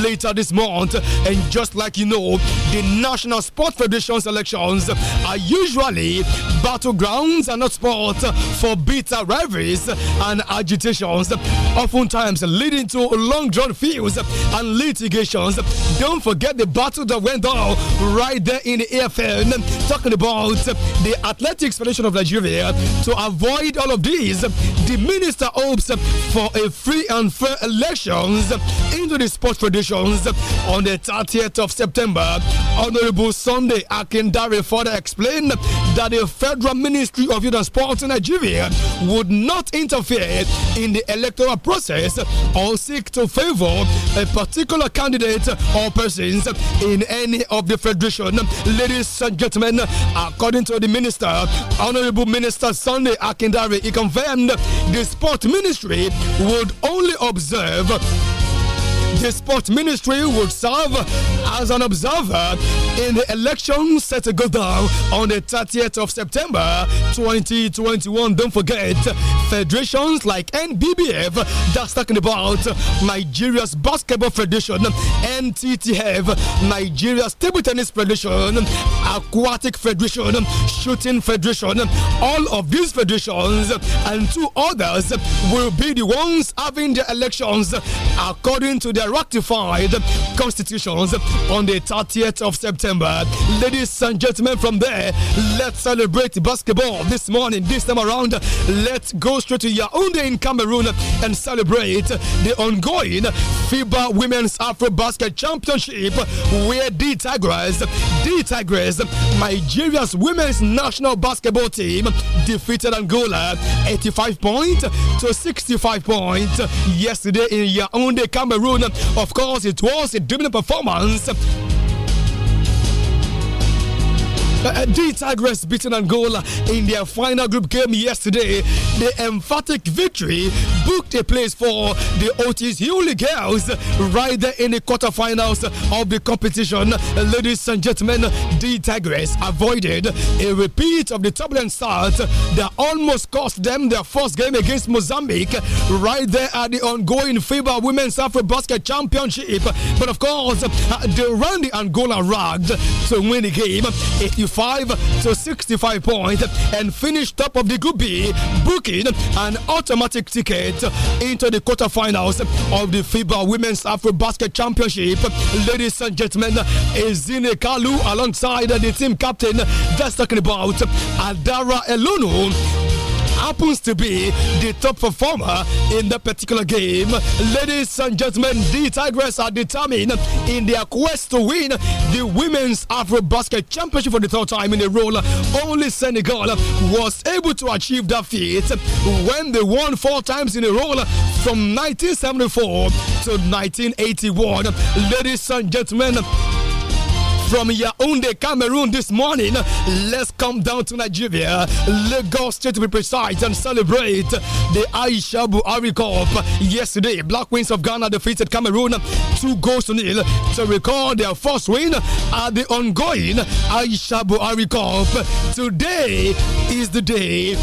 S3: later this month. And just like like you know, the National Sport Federation selections are usually battlegrounds and not sport for bitter rivalries and agitations, oftentimes leading to long drawn fields and litigations. Don't forget the battle that went on right there in the AFN, talking about the Athletics Federation of Nigeria. To avoid all of these, the minister hopes for a free and fair elections into the sports traditions on the 30th of September, Honorable Sunday Akindare further explained that the Federal Ministry of Youth and Sports in Nigeria would not interfere in the electoral process or seek to favor a particular candidate or persons in any of the federation. Ladies and gentlemen, according to the minister, Honorable Minister Sunday Akindare, he confirmed the sport ministry would only observe the sport ministry would serve as an observer in the election set to go down on the 30th of September 2021. Don't forget, federations like NBBF, that's talking about Nigeria's Basketball Federation, NTTF, Nigeria's Table Tennis Federation, Aquatic Federation, Shooting Federation, all of these federations and two others will be the ones having their elections according to their ratified constitutions on the 30th of September. Ladies and gentlemen, from there, let's celebrate basketball this morning. This time around, let's go straight to Yaounde in Cameroon and celebrate the ongoing FIBA Women's Afro Basket Championship, where the Tigers, the Tigers, Nigeria's women's national basketball team defeated Angola 85 points to 65 points yesterday in Yaounde, Cameroon. Of course, it was a dominant performance Podcast uh, the Tigress beaten Angola in their final group game yesterday. The emphatic victory booked a place for the Otis Hewley girls right there in the quarterfinals of the competition. Ladies and gentlemen, the Tigress avoided a repeat of the turbulent start that almost cost them their first game against Mozambique right there at the ongoing FIBA Women's Afro Basket Championship. But of course, uh, they ran the Angola ragged to win the game. If you 5 to 65 points and finished top of the Group B, booking an automatic ticket into the quarterfinals of the FIBA Women's Afro Basket Championship. Ladies and gentlemen, Ezine Kalu alongside the team captain, just talking about Adara Elunu happens to be the top performer in that particular game. Ladies and gentlemen, the Tigress are determined in their quest to win the Women's Afro Basket Championship for the third time in a row. Only Senegal was able to achieve that feat when they won four times in a row from 1974 to 1981. Ladies and gentlemen, from Yaounde, Cameroon this morning. Let's come down to Nigeria, Lagos State to be precise, and celebrate the Aisha Buhari Cup. Yesterday, Black Queens of Ghana defeated Cameroon two goals to nil to record their first win at the ongoing Aisha Buhari Cup. Today is the day.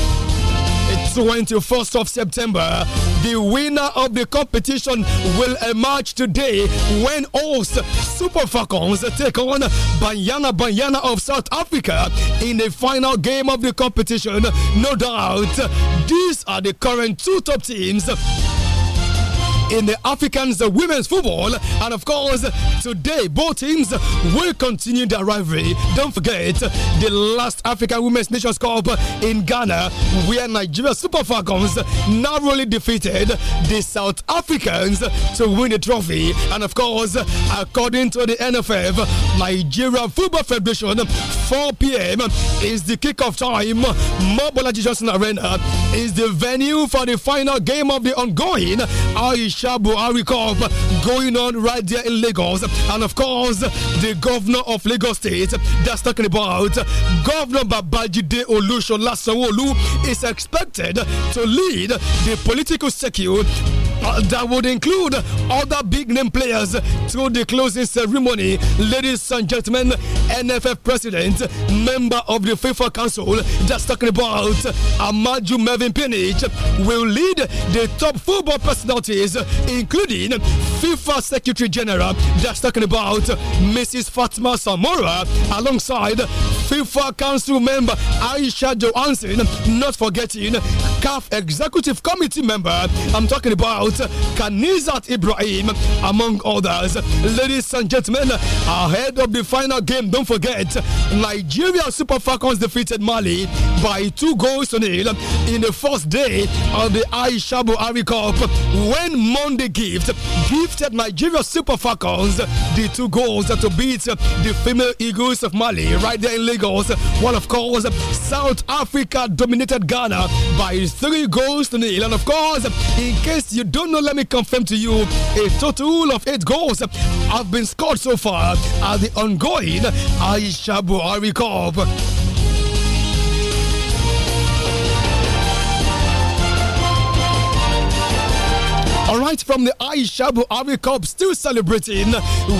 S3: 21st of September the winner of the competition will emerge today when all Super Falcons take on Banyana Banyana of South Africa in the final game of the competition. No doubt, these are the current two top teams in the Africans women's football. And of course, today both teams will continue their rivalry. Don't forget the last African Women's Nations Cup in Ghana, where Nigeria Super Falcons narrowly defeated the South Africans to win the trophy. And of course, according to the NFF, Nigeria Football Federation, 4 p.m. is the kickoff time. Mobola Johnson Arena is the venue for the final game of the ongoing Irish Shabo Arikov going on right there in Lagos. And of course, the governor of Lagos State that's talking about Governor Babajide Olushola sanwo is expected to lead the political circuit. uh, that would include other big name players through the closing ceremony. Ladies and gentlemen, NFF president, member of the FIFA Council, just talking about Amaju Mervin Pinich, will lead the top football personalities including FIFA Secretary General. That's talking about Mrs. Fatma Samora alongside FIFA Council member Aisha Johansson, not forgetting CAF Executive Committee member. I'm talking about Kanizat Ibrahim, among others. Ladies and gentlemen, ahead of the final game, don't forget Nigeria Super Falcons defeated Mali by two goals to nil in the first day of the Aisha Buhari Cup. When Monday gift gifted Nigeria Super Falcons the two goals to beat the female Eagles of Mali right there in Lagos. While, of course, South Africa dominated Ghana by three goals to nil. And, of course, in case you don't know, let me confirm to you a total of eight goals have been scored so far at the ongoing Aisha Buhari Cup. All right, from the Aishabu Army Cup, still celebrating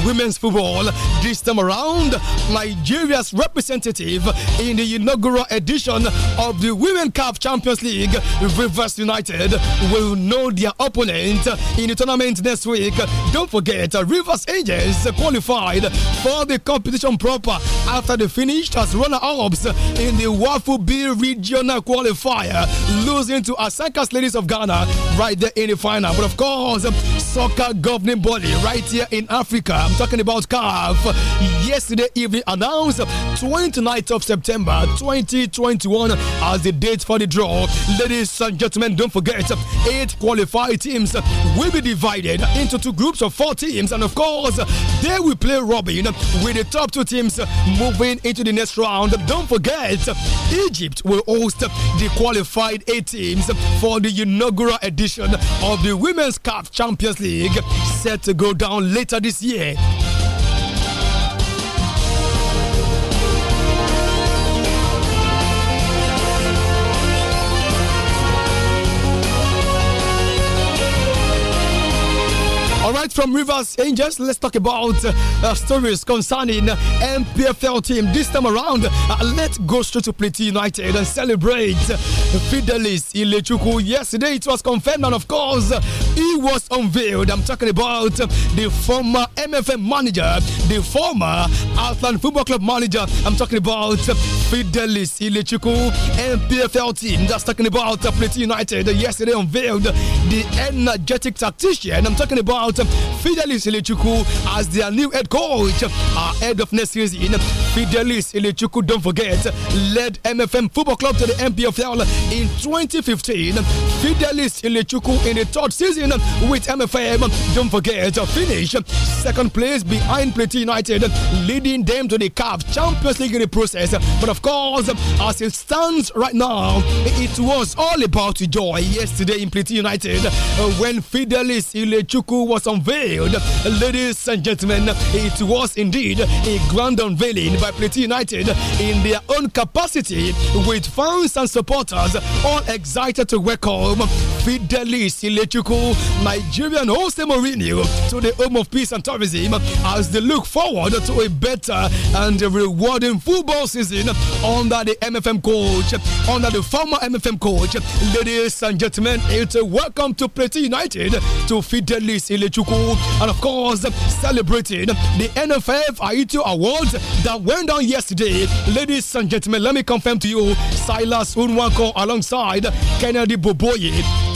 S3: women's football. This time around, Nigeria's representative in the inaugural edition of the Women Cup Champions League, Rivers United, will know their opponent in the tournament next week. Don't forget, Rivers Angels qualified for the competition proper after they finished as runner-ups in the Waffle B regional qualifier, losing to Asankas Ladies of Ghana right there in the final. But of course, soccer governing body right here in Africa. I'm talking about CAF. Yesterday evening announced 29th of September 2021 as the date for the draw. Ladies and gentlemen, don't forget eight qualified teams will be divided into two groups of four teams, and of course, they will play Robin with the top two teams moving into the next round. Don't forget, Egypt will host the qualified eight teams for the inaugural edition of the Women's Cup Champions League, set to go down later this year. All right, from Rivers Angels, let's talk about uh, stories concerning uh, MPFL team. This time around, uh, let's go straight to Platy United and celebrate uh, Fidelis Ilechuku. Yesterday, it was confirmed, and of course, uh, he was unveiled. I'm talking about the former MFM manager, the former Outland Football Club manager. I'm talking about Fidelis Ilechuku, MPFL team. Just talking about Platy United. Yesterday, unveiled the energetic tactician. I'm talking about out Fidelis Ilichuku as their new head coach, our head of next season. Fidelis Ilichuku, don't forget, led MFM Football Club to the MPFL in 2015. Fidelis Ilichuku in the third season with MFM, don't forget, finish second place behind Plateau United, leading them to the CAF Champions League process. But of course, as it stands right now, it was all about joy yesterday in Plateau United when Fidelis Ilichuku was was unveiled. Ladies and gentlemen, it was indeed a grand unveiling by Pretty United in their own capacity with fans and supporters all excited to welcome Fidelis Ilechukwu, Nigerian Jose Mourinho to the home of peace and tourism as they look forward to a better and rewarding football season under the MFM coach, under the former MFM coach. Ladies and gentlemen, it's a welcome to Pretty United to Fidelis Ilechukwu. Ichuku, and of course, celebrating the NFF Aito Awards that went down yesterday. Ladies and gentlemen, let me confirm to you Silas Unwanko alongside Kennedy Boboye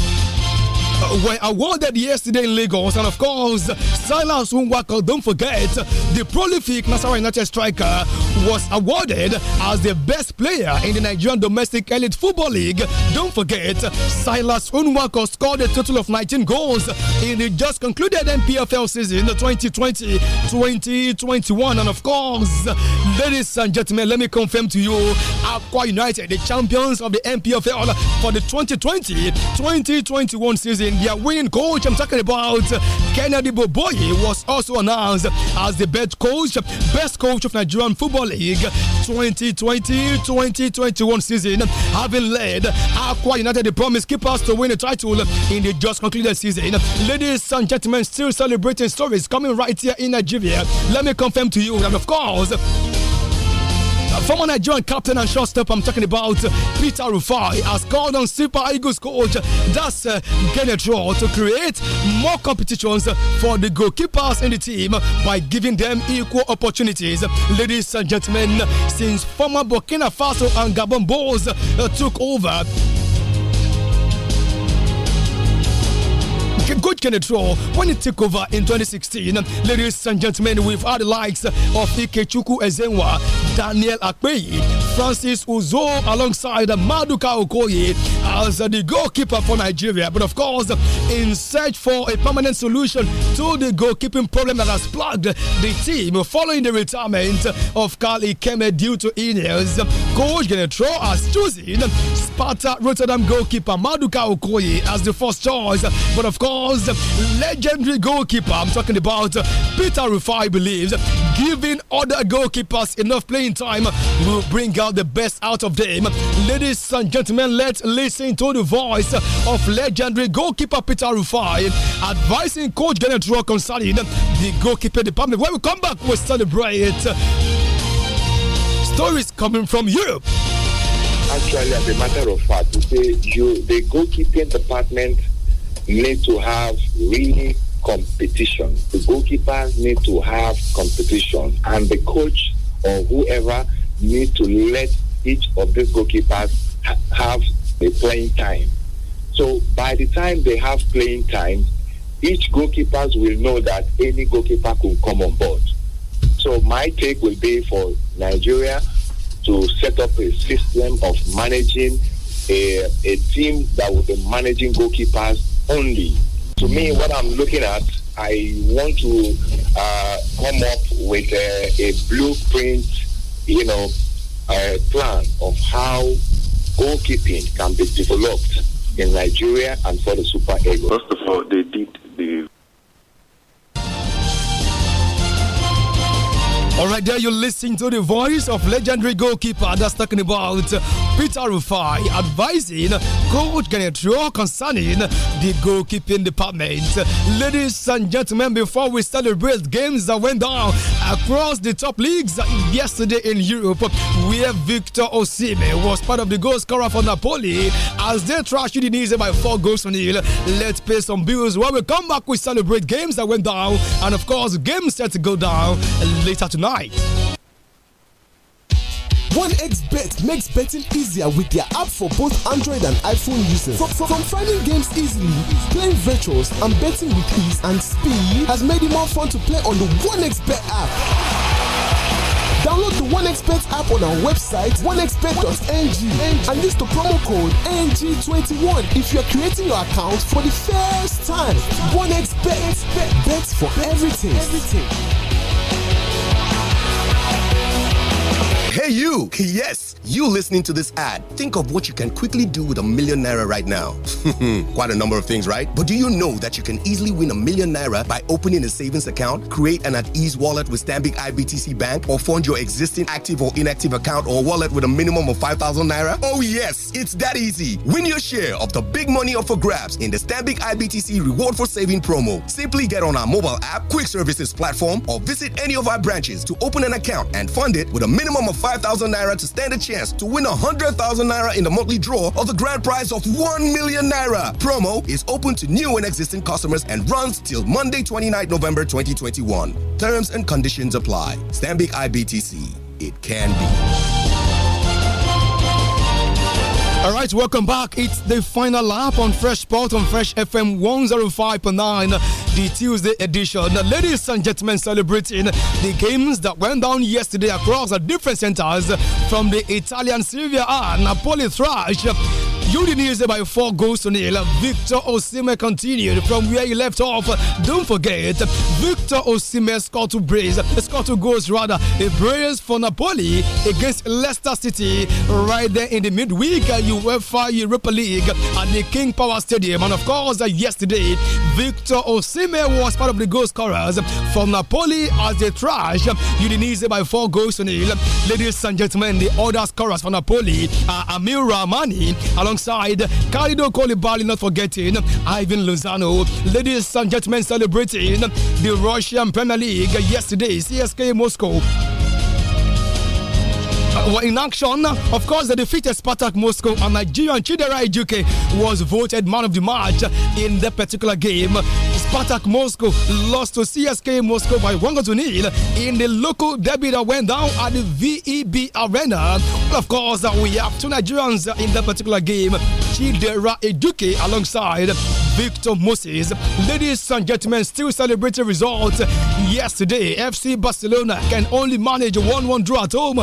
S3: Uh, were awarded yesterday in Lagos. And of course, Silas Unwako, don't forget, the prolific Nasarawa United striker was awarded as the best player in the Nigerian Domestic Elite Football League. Don't forget, Silas Unwako scored a total of 19 goals in the just concluded NPFL season the 2020-2021. And of course, ladies and gentlemen, let me confirm to you, Aqua United, the champions of the NPFL for the 2020-2021 season in their winning Coach, I'm talking about Kennedy Boboye was also announced as the best coach, best coach of Nigerian Football League 2020-2021 season, having led Aqua United, the promise keepers, to win the title in the just concluded season. Ladies and gentlemen, still celebrating stories coming right here in Nigeria. Let me confirm to you that, of course, former Nigerian captain and shortstop, I'm talking about uh, Peter Rufai, has called on Super Eagles coach Das uh, Genetro to create more competitions for the goalkeepers in the team by giving them equal opportunities. Ladies and gentlemen, since former Burkina Faso and Gabon Bulls uh, took over, good control when he took over in 2016. Ladies and gentlemen, we've had the likes of Ikechukwu Ezenwa, Daniel Akpeyi, Francis Uzo, alongside Maduka Okoye as the goalkeeper for Nigeria. But of course, in search for a permanent solution to the goalkeeping problem that has plagued the team following the retirement of Carl Ikeme due to injuries, Coach Genetro has chosen Sparta Rotterdam goalkeeper Maduka Okoye as the first choice. But of course, because legendary goalkeeper, I'm talking about Peter Rufai, believes giving other goalkeepers enough playing time will bring out the best out of them. Ladies and gentlemen, let's listen to the voice of legendary goalkeeper Peter Rufai advising coach Gennett Rock concerning the goalkeeper department. When we come back, we'll celebrate stories coming from Europe actually, as a matter of fact, you say you, the goalkeeping department
S5: need to have really competition. The goalkeepers need to have competition, and the coach or whoever need to let each of these goalkeepers ha- have a playing time. So by the time they have playing time, each goalkeepers will know that any goalkeeper could come on board. So my take will be for Nigeria to set up a system of managing a, a team that will be managing goalkeepers only. To me, what I'm looking at, I want to uh, come up with a, a blueprint, you know, a plan of how goalkeeping can be developed in Nigeria and for the Super Eagles. First of all, they did the
S3: All right, there you listen to the voice of legendary goalkeeper that's talking about Peter Rufai advising Coach Genetro concerning the goalkeeping department. Ladies and gentlemen, before we celebrate games that went down across the top leagues yesterday in Europe, where Victor Osime was part of the goal scorer for Napoli as they trashed Udinese by four goals to nil. Let's pay some bills while we come back. We celebrate games that went down and, of course, games set to go down later tonight. 1xBet
S8: makes betting easier with their app for both Android and iPhone users. From, from, from
S3: finding games easily,
S8: playing virtuals, and betting with ease and speed has made it more fun to play on the 1xBet app. Download the OneXpert app on our website, onexpert.ng, and use the promo code NG21 if you are creating your account for
S9: the first time. OneXpert, bet for everything. everything. Hey, you! Yes, you
S8: listening to this ad. Think of what you can quickly do with a million naira right now. [laughs] Quite a number of things, right? But do you know that you can easily win a million naira by opening a savings account, create an at ease wallet with Stanbic IBTC Bank, or fund your existing active or inactive account or wallet with a minimum of 5,000 naira? Oh, yes, it's that easy. Win your share of the big money up for grabs in the Stanbic IBTC Reward for Saving promo. Simply get on our mobile app, quick services platform, or visit any of our branches to open an account and fund it with a minimum of 5,000 naira to stand a chance to win 100,000 naira in the monthly draw of the grand prize of 1 million naira. Promo is open to new and existing customers and runs till Monday, 29 November 2021. Terms and
S3: conditions apply. Stanbic IBTC. It can be. All right, welcome back. It's the final lap on Fresh Sport on Fresh FM 105.9, the Tuesday edition. Now, ladies and gentlemen, celebrating the games that went down yesterday across the different centers from the Italian Serie A, Napoli Thrash Udinese by four goals to nil. Victor Osime continued from where he left off. Don't forget, Victor Osime scored two brace, scored two goals rather. A brace for Napoli against Leicester City right there in the midweek uh, UEFA Europa League at the King Power Stadium. And of course, uh, yesterday, Victor Osime was part of the goal scorers for Napoli as they trash Udinese by four goals to nil. Ladies and gentlemen, the other scorers for Napoli are Amir Rahmani alongside alongside Kalido Koulibaly not forgetting Ivan Lozano. Ladies and gentlemen, celebrating the Russian Premier League yesterday, CSK Moscow uh, were in action. Of course, the defeated Spartak Moscow and Nigerian Chidera Ejuke was voted man of the match in the particular game. Spartak Moscow lost to CSK Moscow by 1 to nil in the local derby that went down at the VEB Arena. But of course, we have two Nigerians in that particular game Chidera Eduke alongside Victor Moses. Ladies and gentlemen, still celebrating results yesterday. FC Barcelona can only manage a 1 1 draw at home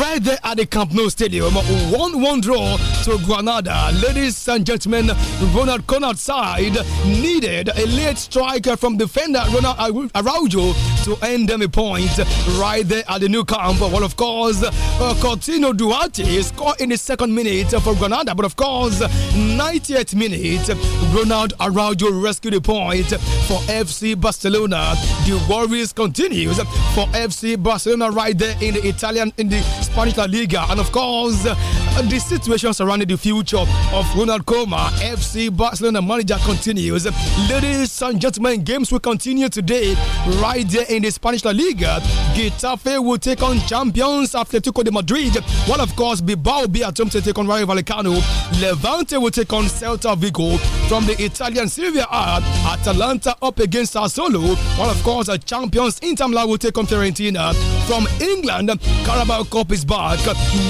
S3: right there at the Camp Nou Stadium. 1 1 draw to Granada. Ladies and gentlemen, Ronald Conard side needed a late striker from defender Ronald Araujo to end them a point right there at the new camp. Well, of course, uh, Cortino Duarte scored in the second minute for Granada, but of course, 98th minute, Ronald Araujo rescued a point for FC Barcelona. The worries continues for FC Barcelona right there in the Italian in the Spanish La Liga. And of course, the situation surrounding the future of Ronald Koeman, FC Barcelona manager, continues. Ladies and gentlemen, games will continue today right there in the Spanish La Liga. Getafe will take on champions Atletico de Madrid. While, of course, Bilbao will be attempting to take on Rayo Vallecano. Levante will take on Celta Vigo from the Italian Serie A. Atalanta up against Sassuolo. While, of course, the champions Inter Milan will take on Fiorentina. From England, Carabao Cup is is back.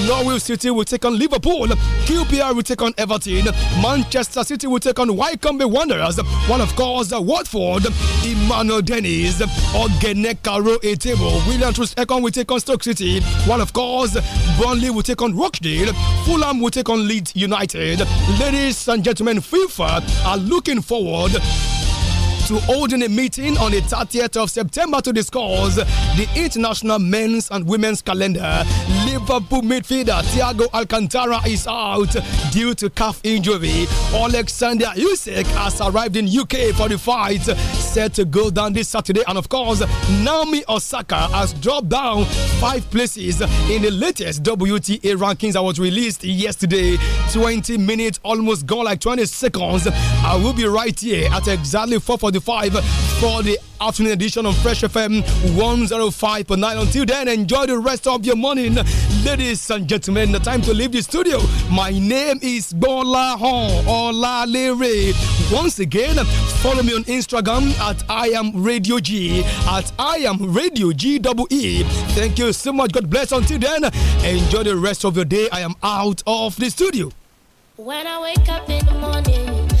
S3: Norwich City will take on Liverpool. QPR will take on Everton. Manchester City will take on Wycombe Wanderers. One of course, Watford. Emmanuel Dennis. Ogenekaro Etebo. William Trusecon will take on Stoke City. One of course, Burnley will take on Rochdale. Fulham will take on Leeds United. Ladies and gentlemen, FIFA are looking forward to holding a meeting on the 30th of September to discuss the international men's and women's calendar. Liverpool midfielder Thiago Alcantara is out due to calf injury. Alexander Usyk has arrived in UK for the fight, set to go down this Saturday. And of course, Naomi Osaka has dropped down five places in the latest WTA rankings that was released yesterday. 20 minutes, almost gone like 20 seconds. I will be right here at exactly 4 for the 5 for the afternoon edition of Fresh FM 105.9. Until then, enjoy the rest of your morning, ladies and gentlemen. The time to leave the studio. My name is Bola Hon Ola Lere. Once again, follow me on Instagram at I am Radio G at I am Radio GWE. Thank you so much. God bless. Until then, enjoy the rest of your day. I am out of the studio.
S10: When
S7: I wake up in the morning.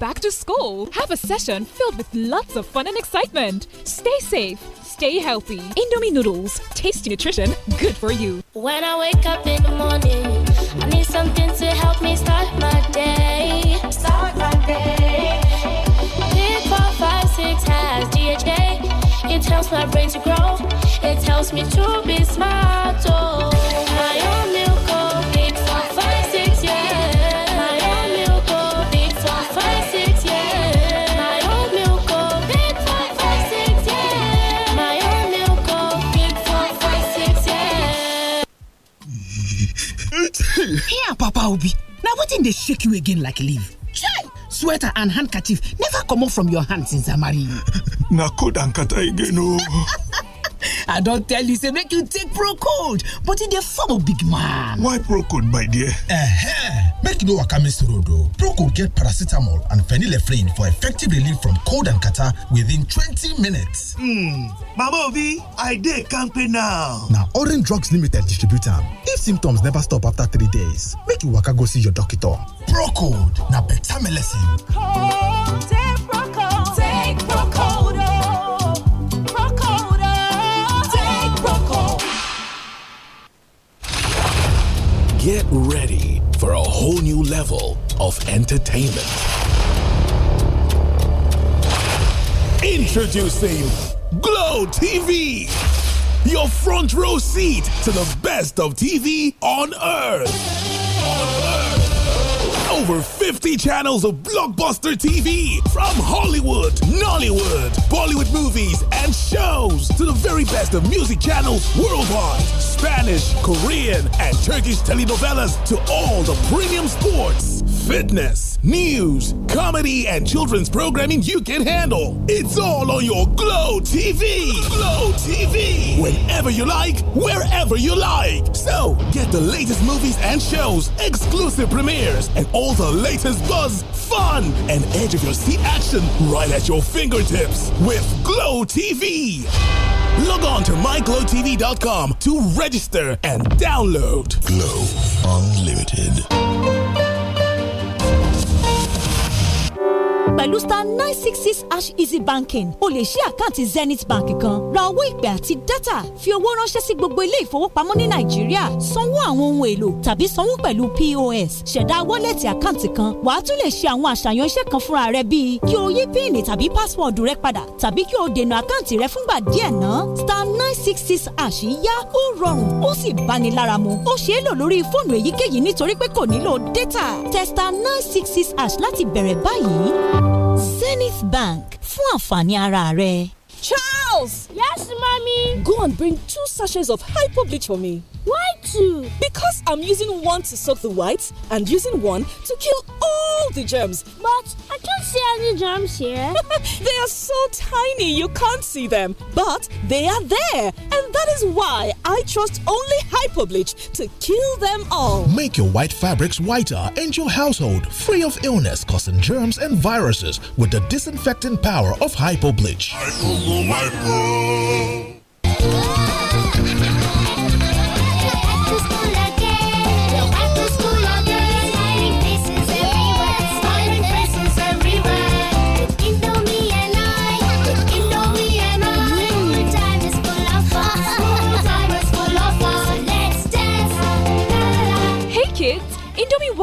S7: back to school. Have a session filled with lots of fun and excitement. Stay safe, stay healthy. Indomie noodles, tasty nutrition, good for you. When I wake up in the morning, I need something to help me start my day. Start my day. Pick four, five, six has DHA. It helps my brain to grow. It helps me to be smart. Oh.
S8: here papa obi what wetin they shake you again like leaf chai sweater and handkerchief never come off from your hands since i marry you
S9: na cold and cut again oh. [laughs] [laughs]
S8: i don't tell you say make you take procold but e dey form a big man
S9: why procold my dear?
S8: eh make you know, waka miss road o oh. procold get paracetamol and phenylephrine for effective relief from cold and catar within
S9: 20 minutes hmm mama obi i dey now.
S8: Now, orange drugs limited distributor. if symptoms never stop after three days make you waka go see your doctor
S9: procold
S8: na beta melecine
S9: Get ready for a whole new level of entertainment. Introducing Glow TV, your front row seat to the best of TV on earth. Over 50 channels of blockbuster TV from Hollywood, Nollywood Hollywood movies and shows to the very best of music channels worldwide. Spanish, Korean, and Turkish telenovelas to all the premium sports fitness, news, comedy, and children's programming you can handle. It's all on your Glow TV. Glow TV. Whenever you like, wherever you like. So get the latest movies and shows, exclusive premieres, and all the latest buzz, fun, and edge of your seat action right at your fingertips with Glow TV. Log on to myglowtv.com to register and download Glow Unlimited.
S7: pẹ̀lú star nine six six ash easy banking o lè ṣí àkáǹtì zenith bank kan ra owó ìpè àti dátà fi owó ránṣẹ́ sí gbogbo ilé ìfowópamọ́ ní nàìjíríà sanwó àwọn ohun èlò tàbí sanwó pẹ̀lú pos ṣẹ̀dá wọ́lẹ̀tì àkáǹtì kan wàá tún lè ṣe àwọn àṣàyàn iṣẹ́ kan fúnra rẹ bíi kí o yí píìnì tàbí password rẹ padà tàbí kí o dènà àkáǹtì rẹ fúngbà díẹ̀ ná star nine six six ash yá ó rọrùn ó sì bani lára mu ó ṣeé lò lórí fóònù èyíkéyìí nítorí pé kò nílò dátà testa nine six six ash láti bẹ̀rẹ̀ báyìí. zenith bank fún àǹfààní ara rẹ. Charles! Yes, mommy? Go and bring two sachets of hypo bleach for me. Why two? Because I'm using one to soak the whites and using one to kill all the germs. But I can't see any germs here. [laughs] they are so tiny you can't see them, but they are there, and that is why I trust only Hypobleach to kill them all.
S9: Make your white fabrics whiter and your household free of illness causing germs and viruses with the disinfecting power of Hypobleach. Hypo, hypo.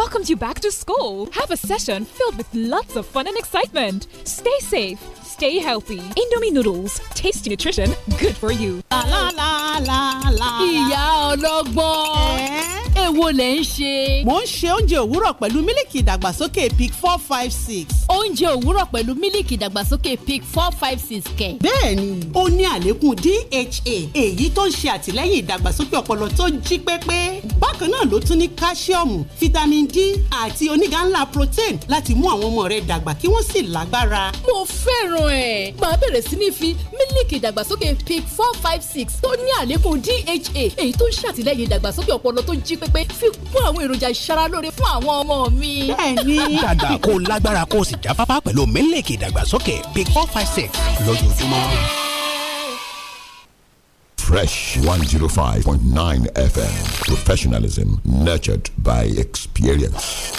S7: welcomes you back to school. Have a session filled with lots of fun and excitement. Stay safe, stay healthy. Indomie noodles, tasty nutrition, good for you.
S2: La la la la la. Ìyá ọlọ́gbọ́n.
S7: Eh? Èwo lẹ̀ ń ṣe? Mo ń ṣe oúnjẹ òwúrọ̀
S8: pẹ̀lú mílìkì ìdàgbàsókè PIC four five six. Oúnjẹ òwúrọ̀ pẹ̀lú mílìkì ìdàgbàsókè PIC four five six kẹ̀. Bẹ́ẹ̀ni, ó ní àlékún DHA, èyí tó ń ṣe àtìlẹ́yìn ìdàgbàsókè ọpọlọ tó jí pépé. Bákan náà ló tún ní káṣíọ̀mù, fítámìn D àti onígànlá protein láti mú àwọn ọmọ rẹ dàgbà kí wọ́n sì lágbára.
S11: Mo fẹ́ràn fún máa bẹ̀rẹ̀ sí ní fi
S8: mílíkì ìdàgbàsókè pic four five six tó ní àlékún dha èyí tó ń ṣàtìlẹ́yìn ìdàgbàsókè
S7: ọpọlọ tó jí pépé fi kún àwọn èròjà ìṣaralóore fún àwọn ọmọ mi. bẹ́ẹ̀ni
S8: dàgbà kó lágbára kó sì jáfáfá pẹ̀lú mílíkì ìdàgbàsókè pic four five six lójoojúmọ́.
S1: Fresh 105.9 FM. Professionalism nurtured by experience.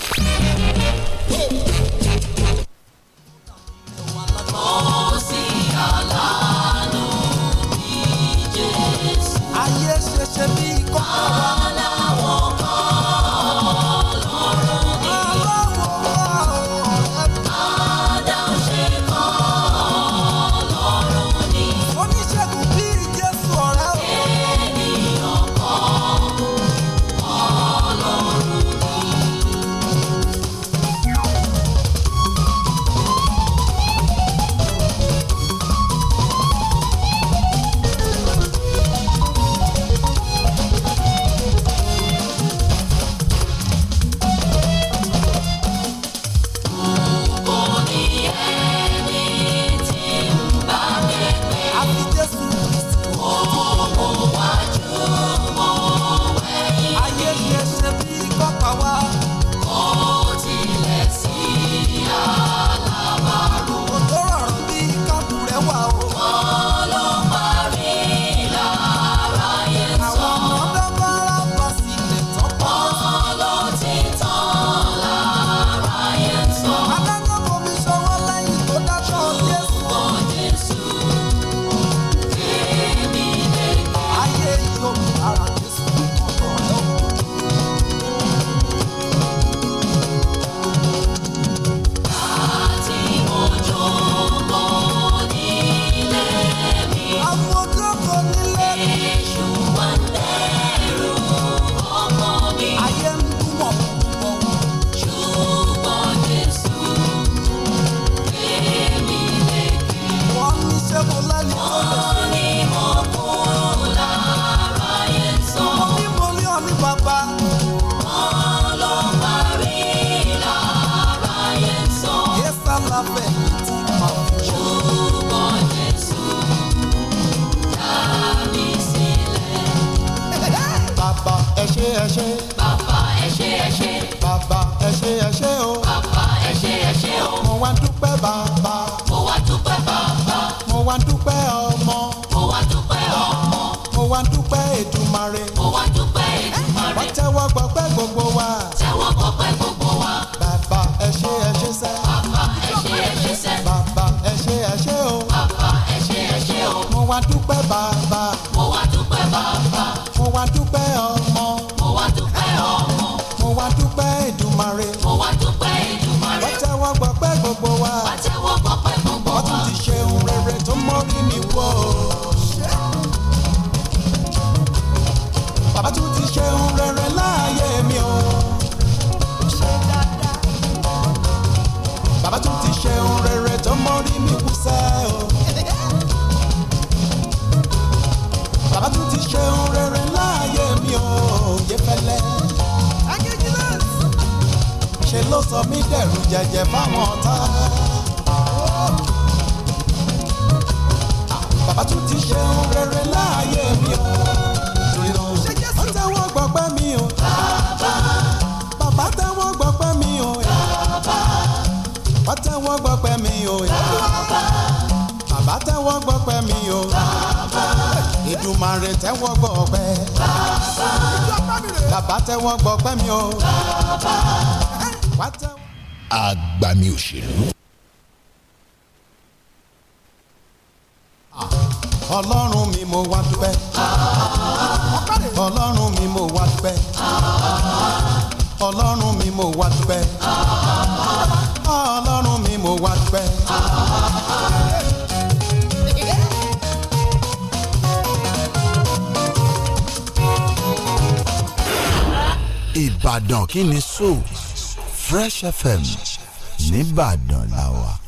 S8: ìkíni Soo Fresh FM nìbàdàn làwà.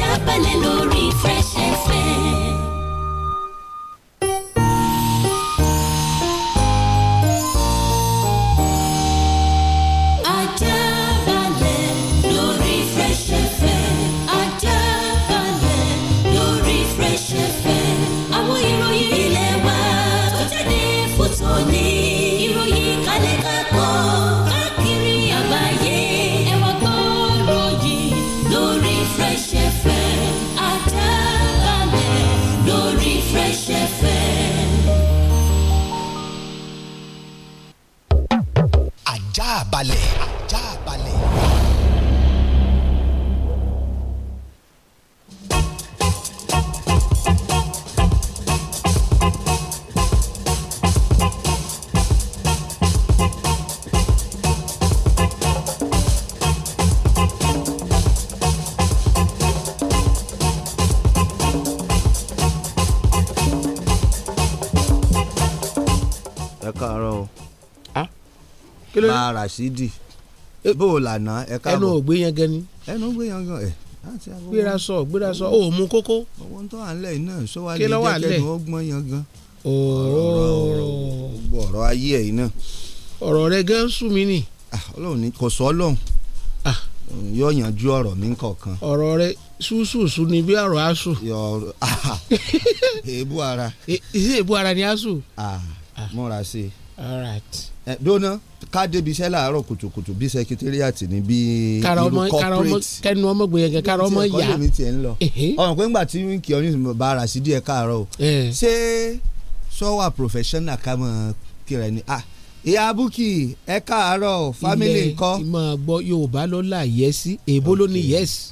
S7: a lórí fresh.
S12: rasidi eh, bó o lànà ẹ káàbọ̀ ẹnu ògbé yẹn gẹni ẹnu ògbé yẹn gẹni gbéra sọ gbéra sọ ó mú kókó. owó ń tọ́ àlẹ́ yìí náà sọ wá lè jẹ́ kẹ́nu ọgbọ́n yẹn gan. ọ̀rọ̀ ọ̀rọ̀ ayé ẹ̀ yìí náà. ọ̀rọ̀ rẹ gan sùn mí nì. Ah, ọlọ́run ni kò sọ ọlọ́run ah. yóò yanjú ọ̀rọ̀ mi kọ̀ọ̀kan. ọ̀rọ̀ rẹ ṣùṣùṣù ni bí ọ̀rọ̀ aṣù. Ah, [laughs] èébú ara. èébú ara ni aṣù. múra sí all right dóná ká débi iṣẹ́ làárọ̀ kùtùkùtù bí sẹkítẹ́rìàtì ni bí irú corporate
S11: kẹnu ọmọ gbìyànjú kẹnu ọmọ yá
S12: ọ̀hún pé ńgbà tí wíńkì ọyún bá ara sí díẹ̀ káàárọ̀ o ṣé sọ́wà professional ká mọ̀ kíra ẹni ah ìyá búkì ẹ káàárọ̀ family ńkọ́. ilé ìmọ̀ gbọ́ yorùbá ló là yẹ sí èèbó ló ní yẹ sí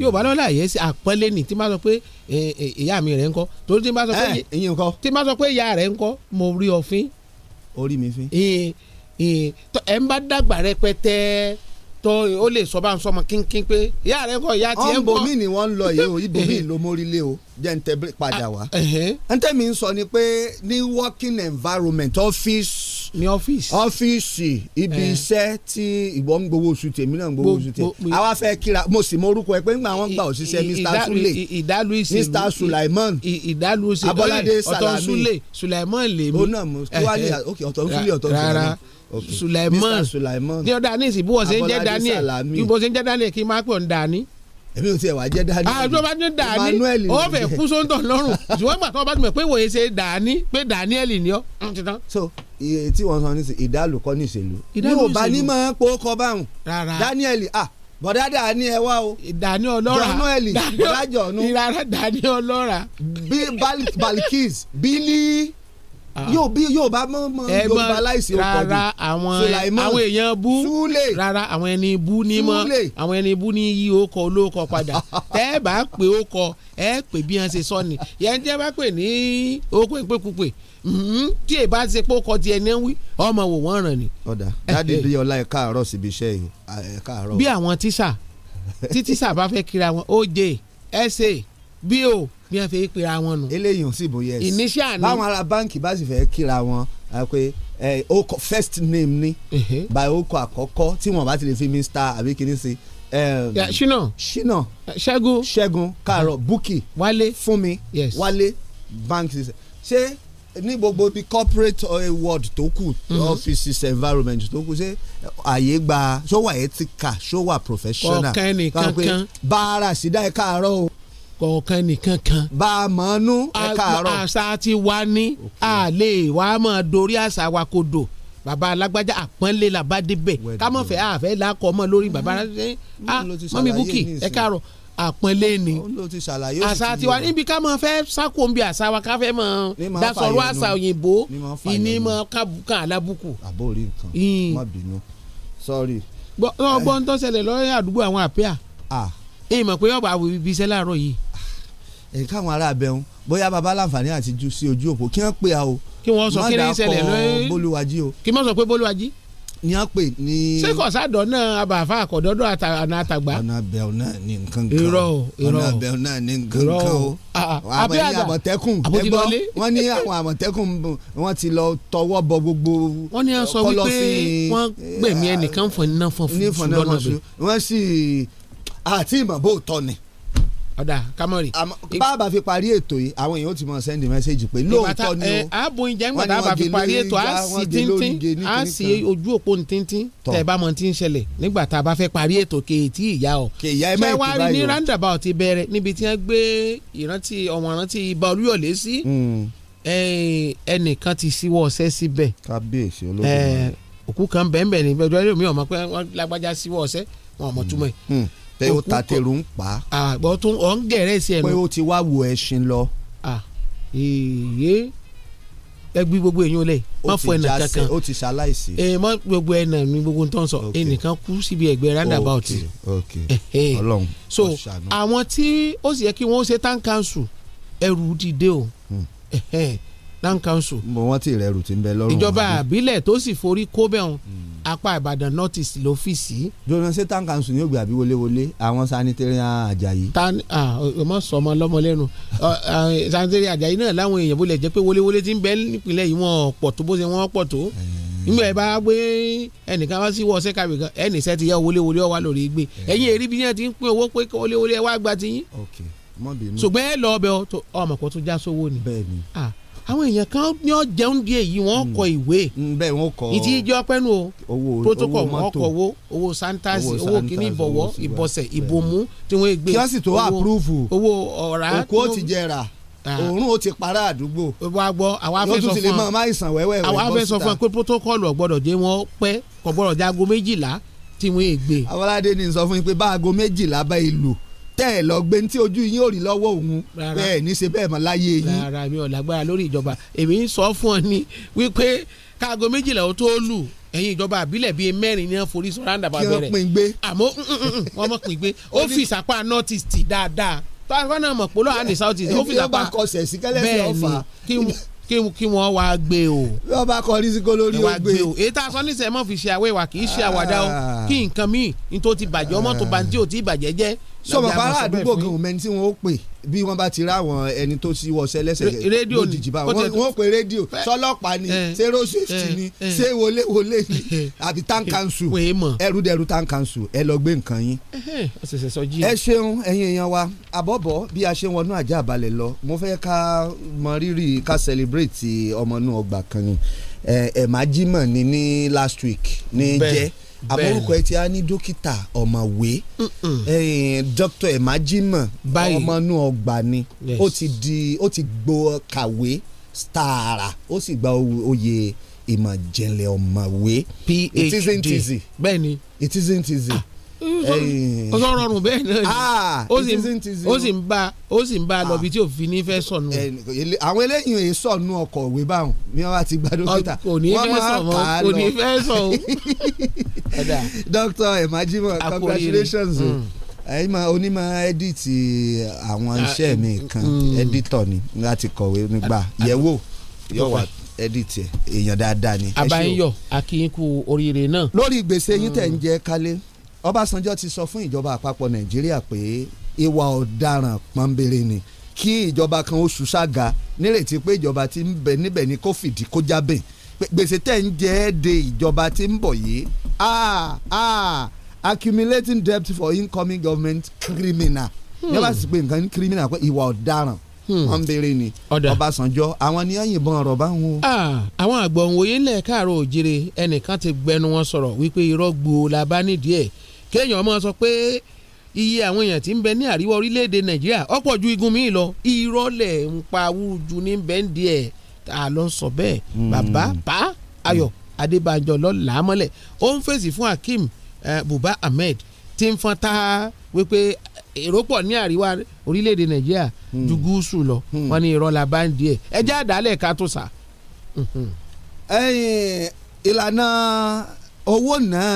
S11: yorùbá ló là yẹ sí àpọ́nlé ni tí n bá sọ pé ìyá mi rẹ̀ ńkọ́ torí tí n bá sọ pé ìyá rẹ̀ ńkọ́ mo rí ọ̀fin orí mi fi. ẹ ẹ ẹ ń bá dàgbà rẹpẹtẹ tó o lè sọ bá ń sọmọ kínkín pé
S12: ìyá rẹ kọ ìyá tiẹ̀ ń bọ̀. ọ̀nbọ̀mí ni wọ́n lọ yìí o [laughs] ibòmí ló mórí lé o jẹ́ ń tẹ padà wá. Ah, ẹ̀ńtẹ́mi ń sọ ni pé ní working environment office ní ọ́fíìsì. ọ́fíìsì ibi eh. iṣẹ́ tí ìwọ ń gbowó oṣù tèmi náà ń gbowó oṣù tèmi àwa fẹ́ kíra mo sì mọ orúkọ ẹ pé ńgbà wọn gbà òṣìṣẹ́ Mr. Sule Mr. Sulaiman Abolade Salami ọ̀tọ̀ Sule
S11: Sulaiman lèmi. ó náà mo kí wàá ní eh, eh. ọ̀tọ̀ Sule ọ̀tọ̀ Sulaiman Sulaiman ní ọ̀dà ní ìsìn bí ń jẹ́ Daniel bí ń jẹ́ Daniel kí n máa pè ọ́n Dani èmi ò tiẹ̀
S12: wá jẹ́ Dani. àjọ ah, bá ní Dani ó fẹ́ kú sóńtọ̀ lọ́rùn ṣùgbọ́n ìgbà tó bá ti mọ̀ pé wòye ṣe Dani pé Daniel ni ọ́ titan. so tí wọ́n sọ ní sìn ìdálòkọ́ ní ìṣèlú ní ò bá ní máa ń po báwọn Daniel ah bọ̀dá Dani ẹ wá o. Dani ọlọ́ra Daniel bọ̀dá jọ̀ọ́nù. ìrara Dani ọlọ́ra. Balkis Billy. Ah. yóò bí yóò bá mọ mọ yorùbá láìsí ọkọ bí sulaimon àwọn
S11: èèyàn bú rárá àwọn ẹni bú ní mọ àwọn ẹni bú ní yí ọkọ olóòkọ padà [laughs] tẹ ẹ bá pè ọkọ ẹ pè bí wọn ṣe sọ ni yẹn jẹ bá pè ní ọkọ ìpèkúpè mm-hmm, tí èyí bá ṣe pé ó kọ tiẹ̀ ní wí ọmọ wò wọ́n ràn ni.
S12: ọ̀dà dáàdi bí ọlá ẹ̀ káàárọ̀ síbi iṣẹ́ yìí ẹ̀ káàárọ̀.
S11: bí àwọn tíṣà tí tíṣà bá fẹ́ kíra wọn ó jẹ ẹsẹ̀ bí o bí wọn fi pera wọn nù. eléyìí ò sì bò yẹ sí. initial ni báwọn ará
S12: báǹkì bá sì fẹ́ kíra wọn pé orúkọ first name ni by orúkọ àkọ́kọ́ tí wọ́n bá ti lè fi mr àbí kìíní sí. ṣínà ṣínà ṣẹ́gun ṣẹ́gun kàrọ̀ búkì wálé fúnmi wálé bank ṣiṣẹ́ ṣé ní gbogbo bí corporate world tó kù mhm. offices environment tó kù ṣé àyè gba ṣó wà ethical ṣó wà professional. ọ̀kan ẹnìkan kan bá ara sí dáìka àárọ̀ o kọ̀ọ̀kan nìkan kan. bá a mọ̀ ọ́nú ẹ káàárọ̀. àṣà ti wá
S11: ní àlè wàá mọ̀ dorí àṣà wa kò dò bàbá alágbájá àpọ́nlé làbá débẹ̀ kámọ́fẹ́ àfẹ́ làkọ́ ọmọ lórí mm-hmm. bàbá rẹ̀
S12: mọ́mí búkì ẹ
S11: káàárọ̀ àpọ́nlé ni àṣà tiwa níbi ká máa fẹ́ sáko ń bi àṣà wa ká fẹ́ máa dasọ̀rọ̀ àṣà òyìnbó ìní máa kábùkà alábùkù.
S12: àbórí nǹkan má bínú sọ́ọ̀rì. gbọ́ gbọ́ ń tọ́sẹ̀lẹ̀ lọ́rẹ́ àdúgbò àwọn àpẹ́à. ìmọ̀ ah. pé ọba àwọn ibi iṣẹ́ láàárọ̀ yìí káwọn ará abẹ́hùn bóyá baba láǹfààní àti ju sí ojú òpó kí wọ́n pè á o kí wọ́n sọ kí ní ṣẹlẹ̀ lóyún bólúwájí o kí wọ́n
S11: sọ pé bólúwájí ni a pè ní. ṣé kọ̀sádọ̀ náà abàfà àkọ́dọ́dọ̀ àna àtàgbà. ọ̀nà bẹ̀rù náà
S12: ní nǹkan kan irọ́ ọ̀nà bẹ̀rù náà ní nǹkan kan o. àbẹ́ àgbà àmọ̀tẹ́kùn ẹgbọ́ wọ́n ní àwọn àmọ̀tẹ́kùn wọ́n ti lọ tọwọ́ bọ gbogbo. wọ́n ní a sọ wípé wọ́n gbẹ̀mí ọ̀dà kámọ́rì. báàbà fi parí ètò yìí àwọn èèyàn ti mọ sẹ́ndì mẹ́sẹ́jì pé lóòótọ́ ni o. ààbò ìjẹ́ ń gbàdá bá fi parí ètò á sì tíntín á sì
S11: ojú òpó tíntín tẹ̀ bá mọ tí ń ṣẹlẹ̀ nígbà tá a bá fẹ́ parí ètò kéètì ìyá o. kèèyà ẹ mẹ́ẹ̀kì báyìí o. ṣẹ́wárí ní roundabout ti bẹ̀rẹ̀ níbi tí wọ́n gbé ìrántí ọmọ ìrántí ibà olúyọ̀lé sí hmm. ẹnìkan ti síwọ́ ọ̀sẹ́ síbẹ̀. kábíyèsí olóògbé òkú kan bẹ́ẹ̀ bẹ́ẹ̀ ni bẹ́ẹ̀ dọ́rẹ́ mi ò mọ̀ pé wọ́n lágbájá síwọ́ ọ̀sẹ́ wọn ò mọ̀ hmm. túmọ̀
S12: yìí pé ó ta tẹ̀rù ń pa. àgbọ̀ tó ọ̀ ń gẹ̀rẹ́ sí ẹnu. pé ó ti wá wo ẹṣin lọ. èyí
S11: ẹgbí gbogbo èyàn lẹ má fọ ẹnà kankan ó
S12: ti ṣaláìsí. ẹ
S11: má gbogbo ẹnà mi gbogbo tó sọ ẹnìkan kú síbi ẹgbẹ́ roundabout. Ọlọ́run so àwọn tí ó sì yẹ kí wọ́n ṣe town council ẹrù dìde o
S12: hmm. town council. mo wọ́n ti rẹ̀ ẹrù ti ń bẹ lọ́rùn. ìjọba àbílẹ̀ tó sì forí kó bẹ́ẹ̀ hàn hmm apá ìbàdàn northeast lọ́fíìsì. jọ̀wọ́n ṣé town council ní ògbé àbí wọléwọlé àwọn sanitarian ajayi.
S11: tan ah, ọmọ sọmọ lọmọ lẹ́nu sanitarian ajayi náà láwọn èèyàn bó lè jẹ́ pé wọléwọlé ti ń bẹ nípìnlẹ̀ yìí wọ́n pọ̀ tó bó ṣe wọ́n pọ̀ tó nígbà yẹn bá gbé ẹnìkan wá sí wọ́ọ̀sẹ̀ kàwé kan ẹnìṣẹ́ ti yẹ wọléwọlé ọwá lórí gbé ẹ̀yìn èrí bí yẹn ti ń pín owó pé wọléwọlé ẹ wá gba tiyín. ṣùgbọ́n ẹ lọ ọbẹ̀ ọmọ kò tún já sówó ni. bẹ́ẹ̀ ni àwọn èèyàn kan ní ọjẹun di èyí wọn hmm. kọ ìwé hmm, bẹ́ẹ̀ wọn kọ ìdí ìjọ pẹnu o protocol wọn kọ owó owó santas owó kíní ìbọ̀wọ́ ìbọ̀sẹ̀ ìbomú tí wọn gbé kíọ́sì tó àpúrúfù owó ọ̀rá òkú ó ti jẹrà ah. òórùn ó ti para àdúgbò wọ́n gbọ́ àwa fẹ́ sọ fún ọ àwa fẹ́ sọ fún ọ pé protocol ọ̀gbọ́dọ̀ dé wọn pẹ́ kọ̀gbọ́dọ̀ dé
S12: aago méjìlá tí wọn gbé. Awolade ni sọ fún mi pé bá aago méjìlá bá ìlú tẹ́ ẹ̀ lọ gbé tí ojú yín ò rí lọ́wọ́ òun bẹ́ẹ̀ ní ṣe bẹ́ẹ̀ mọ́ láyé yín. rárá mi ò lágbára lórí ìjọba
S11: èmi ń sọ fún ọ ni wípé káago méjìlá ó tó lù ẹ̀yin ìjọba àbílẹ̀ bíi mẹ́rin ní wọ́n forí sọ ráńdà bá bẹ̀rẹ̀ kí wọ́n pín gbé àmọ́ mm, mm, mm, wọ́n mọ̀ pín gbé [laughs] ó fi ìsapá north east dáadáa táwọn náà mọ̀ pé lọ́wọ́ àní kí wọ́n wá gbé o. wọ́n bá kọ ní lórí o gbé o. èyí tá a sọ nísìnyí mọ̀ fi ṣe àwẹ̀wà kì í ṣe àwàdà o ah. kí nǹkan míì ní tó ti bàjẹ́ ọmọ tó bá ní tí ò tí bàjẹ́ jẹ́ sọmọ para àdúgbò
S12: kan mẹni tí wọn ó pè bí wọn bá ti ráwọn ẹni tó ti wọṣẹ lẹsẹkẹ lójijì bá wọn pè rédíò sọlọpàá ni zero safety ni ṣé wọlé ni [laughs] àbí town council ẹrúdẹrú town council ẹ lọ gbé nǹkan yín. ẹ ṣeun ẹ̀yin èèyàn wa àbọ̀bọ̀ bí a ṣe wọnú àjà àbálẹ̀ lọ mo fẹ́ ká mọ rírì ká celebrate ọmọ ọgbà kan ni ẹ̀ ẹ̀ májímọ̀ ni ní last week ní jẹ́ àmórúkọ ẹ ti á ní dókítà ọ̀mọ̀wé dókítà emajima ọmọnú ọgbà ni ó ti gbó kàwé tààrà ó sì gba oyè ìmọ̀jẹ̀lẹ̀ ọ̀mọ̀wé. phd it isn't easy. bẹ́ẹ̀ni. it isn't easy. Ah
S11: ọsọ rọrùn bẹ́ẹ̀ náà ni ah, ó
S12: sì
S11: ń bá ó sì ń bá a lọ ah. bí tí òfin ní fẹ́ sọnù. Eh, àwọn eléyìí ò sọnù ọkọ̀
S12: òwe báwọn ni wọ́n bá ti gba dókítà wọ́n máa kà á lọ. [laughs] Dr. Emajimo congratulations o mm. ẹ̀yìnmọ̀ onímọ̀ ẹ́díìtì eh, àwọn ah, iṣẹ́ mi mm. kan ẹ́dítọ̀ ni láti kọ̀wé nígbà yẹ̀wò yóò wà ẹ́díìtì èèyàn dáadáa ni. àbáyọ akínkù oríire náà. lórí ìgbésẹ̀ yín tẹ̀ ń mm. jẹ́ kálé. Ọbásanjọ́ ti sọ fún ìjọba àpapọ̀ Nàìjíríà pé ìwà ọ̀daràn pọ́nbélé ni kí ìjọba kan ó ṣù ṣága nírètí pé ìjọba ti ń bẹ níbẹ̀ ní kó fìdí kó jábẹ̀ gbèsè tẹ̀ ń jẹ́ de ìjọba ti ń bọ̀ yìí ah ah accumulating debt for incoming government criminal yọba sì pé nǹkan criminal pé ìwà ọ̀daràn wọ́n hmm. ń béèrè ni Ọbásanjọ́ àwọn ni yìnbọn ọ̀rọ̀ bá wọn. Ah,
S11: àwọn àgbọ̀nwòye lẹ̀ káàárọ̀ òjèrè ẹnìkan ti gbẹnu wọn sọ̀rọ̀ wípé irọ́ gbòó la bá nídìí ẹ̀ kéèyàn ọmọ sọ pé iye àwọn èèyàn tí ń bẹ ní àríwá orílẹ̀-èdè nàìjíríà ọ̀pọ̀ ju igun míì lọ ìrọ̀lẹ̀ ń pa awúju ní bẹ́ńdì ẹ̀ tá a lọ sọ bẹ́ẹ̀ hmm. bàbá bá ayọ̀ adébánjọ lọ làámọ́lẹ̀ ó ń fèsì fún akeem buba ahmed tí ń fọ́n tá wípé èrò pọ̀ ní àríwá orílẹ̀-èdè nàìjíríà hmm. ju gúúsù lọ hmm. wọn ni ìrọ̀lá báńdì ẹ̀ ẹ jẹ́ àdálẹ̀ ká tó
S12: sà. ìlànà owó náà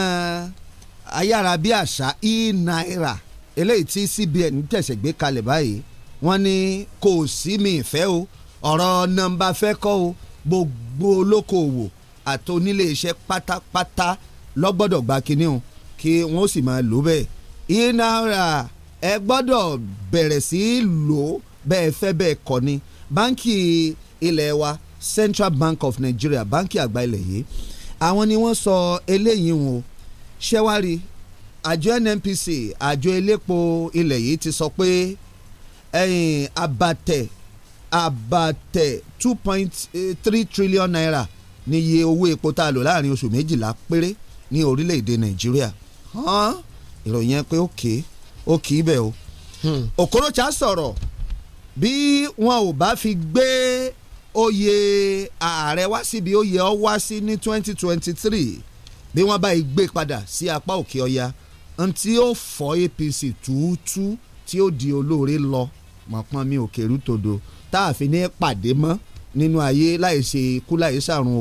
S12: ayárabíàṣá e-naira eléyìí tí CBN tẹ̀sẹ̀ gbé kalẹ̀ báyìí wọ́n ní kò sí mi ìfẹ́ o ọ̀rọ̀ nọ́mbà fẹ́ kọ́ o gbogbo olókoòwò àti oníléeṣẹ́ pátápátá lọ́gbọ́dọ̀ gba kinní o kí wọ́n sì máa lò bẹ́ẹ̀ e-naira ẹ gbọ́dọ̀ bẹ̀rẹ̀ sí lò bẹ́ẹ̀ fẹ́ bẹ́ẹ̀ kọ́ ni báńkì ilẹ̀ wa Central Bank of Nigeria báńkì àgbà ilẹ̀ yìí àwọn ni wọ́n sọ eléyìí wọn o ṣẹ́wárí àjọ NNPC àjọ elépo ilẹ̀ yìí ti sọ pé ẹ̀yìn abatẹ̀ abatẹ̀ two point three trillion naira ní iye owó epo tá a lò láàrin oṣù méjìlá péré ní orílẹ̀-èdè Nàìjíríà ìròyìn ẹ pé ó kéé ó kì í o. Okorocha hmm. sọ̀rọ̀ bí wọn ò bá fi gbé oyè ààrẹ wá síbi oyè ọ wá sí ní twenty twenty three bí wọ́n bá gbé padà sí apá òkè ọya n tí ó fọ́ APC túútú tí ó di olóore lọ mọ̀pọ́n mi ò kèrú tòdo tá a fi ní pàdé mọ́ nínú ayé láì ṣe ikú láì ṣàrùn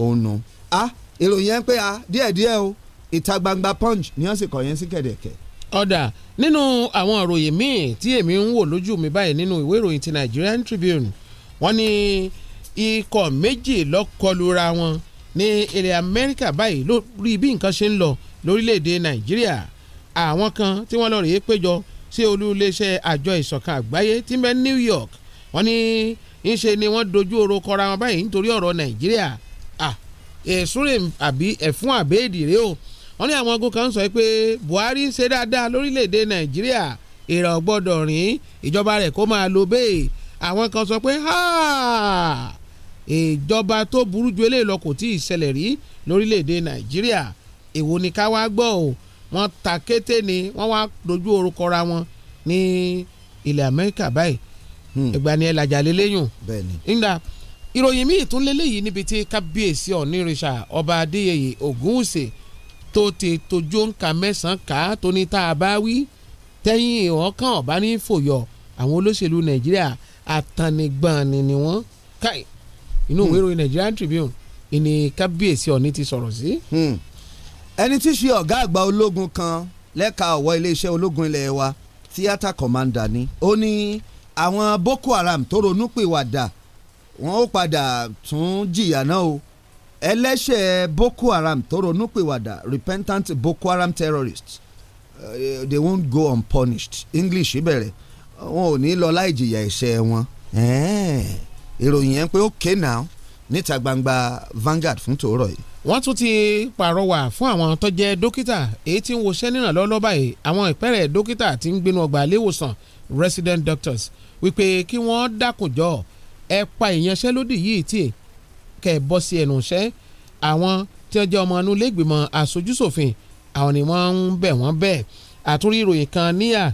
S12: òun nù. a ìròyìn yẹn pé a díẹ̀díẹ̀ o ìta gbangba punch ni wọ́n sì kọ yẹn sí kẹ̀dẹ̀kẹ̀.
S11: ọ̀dà nínú àwọn ìròyìn míì tí èmi ń wò lójú mi báyìí nínú ìwé ìròyìn ti Nigerian Tribune wọ́n ní ikọ̀ méjì lọ́kọlura wọn ní ilẹ̀ amẹ́ríkà báyìí lórí bí nǹkan ṣe ń lọ lórílẹ̀‐èdè nàìjíríà àwọn kan tí wọ́n lọ rèé péjọ sí olú iléeṣẹ́ àjọ ìṣọ̀kan àgbáyé tí ń bẹ New York wọ́n ní ńṣe ni wọ́n dojú oró kọra wọn báyìí nítorí ọ̀rọ̀ nàìjíríà èsúrè àbí ẹ̀fún àbẹ́ẹ̀dì rèé o wọ́n ní àwọn ogun kan sọ pé Buhari ń ṣe dáadáa lórílẹ̀‐èdè nàìjíríà èrò ọ̀gbọ́dọ̀ rìn ìjọba rẹ̀ kó máa lo bẹ́ẹ̀ àwọn kan sọ pé háà ìjọba tó burú ju eléyìí lọ kò tí ì ṣẹlẹ̀ rí lórílẹ̀‐èdè nàìjíríà èwo ni ká wá gbọ́ o wọ́n ta kété ni wọ́n wá dojú orúkọ ra wọn ní ilẹ̀ amẹ́ríkà báyìí ìgbà hmm. ni ẹlàjà lélẹ́yìn nígbà ìròyìn míì tún lélẹ́yìí níbi tí kábíyèsí ọ̀nìrìṣà ọba adéyẹyẹ ògúnwùsì tó ti tójú nǹka mẹ́sàn-án ká tó tá a bá wí tẹ́yìn ọ̀kan ọ̀bá ní fòyọ̀ àwọn olóṣèlú nàìjíríà àtànìgbọ̀n ni wọ́n káyìí
S12: inú ìwé hmm. ìròyìn Nigerian Tribune ìní kábíyèsí ọ̀ní ti sọ̀rọ̀ sí. Hmm. ẹni tí í ṣe ọ̀gá àgbà ológun kan lẹ́ka ọ̀wọ́ iléeṣẹ́ ológun ilẹ̀ wa tíátà commander. ni ó ní àwọn Boko Haram tó ronú pìwàdà wọn ó padà tún jìyà náà o ẹlẹ́ṣẹ̀ Boko Haram tó ronú pìwàdà repentant Boko Haram terrorists uh, eh, they won't go unpunished English bẹ̀rẹ̀ wọn ò ní lọ láì jìyà ẹ̀ṣẹ̀ wọn. Eh ìròyìn yẹn pé okay now níta gbangba Vanguard fún tòórọ̀ yìí. wọ́n tún ti pàrọwà fún àwọn tó
S11: jẹ́ dókítà èyí tí ń woṣẹ́ níràn lọ́lọ́ báyìí àwọn ìpẹ́rẹ̀ dókítà ti ń gbénu ọgbà iléewòsàn resident doctors wípé kí wọ́n dákunjọ ẹ pa ìyanṣẹ́lódì yìí tì kẹ́ bọ́ sí ẹnu iṣẹ́ àwọn tí wọ́n jẹ́ ọmọ inú lẹ́gbìmọ̀ aṣojúṣòfin àwọn ni wọ́n ń bẹ̀ wọ́n bẹ́ẹ̀ àtúrí ìròyìn kan níyà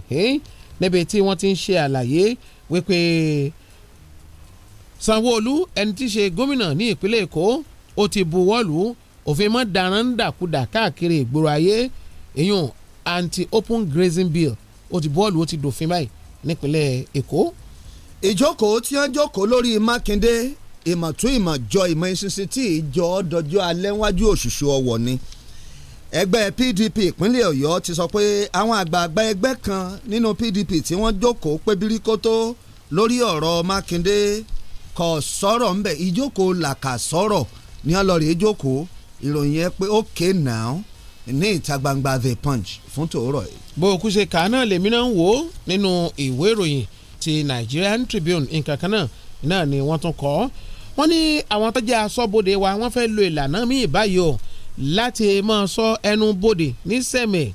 S11: níbi tí wọ́n ti ń ṣe àlàyé wípé Sanwó-Olú ẹni tí í ṣe gómìnà ní ìpínlẹ̀ Èkó ó ti buwọ́lù òfin mọ́ darandakuda káàkiri ìgboro ayé èyàn anti-open grazing bill ó ti buwọ́lù ó ti dòfin báyìí
S12: nípínlẹ̀ Èkó. ìjókòó tí wọ́n jókòó lórí Mákindé ìmọ̀tún ìmọ̀jọ ìmọ̀ ìṣinṣin tí ìjọ dọjọ́ alẹ́ wájú òṣùṣù ọwọ́ ni ẹgbẹ́ PDP ìpínlẹ̀ Ọ̀yọ́ ti sọ pé àwọn àgbààgbà ẹgbẹ́ kan nínú PDP tí wọ́n jókòó pé bíríkótó lórí ọ̀rọ̀ Mákindé kò sọ̀rọ̀ ńbẹ ìjókòó làkà sọ̀rọ̀ ní ọlọ́rìí ìjókòó ìròyìn yẹn pé ókè náà ní ìta gbangba the punch fún tòórọ̀ yìí. bó o kú ṣe kà á náà lèmi náà ń wò ó nínú
S11: ìwé ìròyìn ti Nigerian Tribune nǹkan kan náà náà ni wọ́n tún kọ́ wọ́n ní àwọn tó jẹ́ aṣọ́bodè wa wọ́n fẹ́ lo ìlànà míì báyìí o láti máa ṣọ́ ẹnu bodè ní sẹ́mẹ̀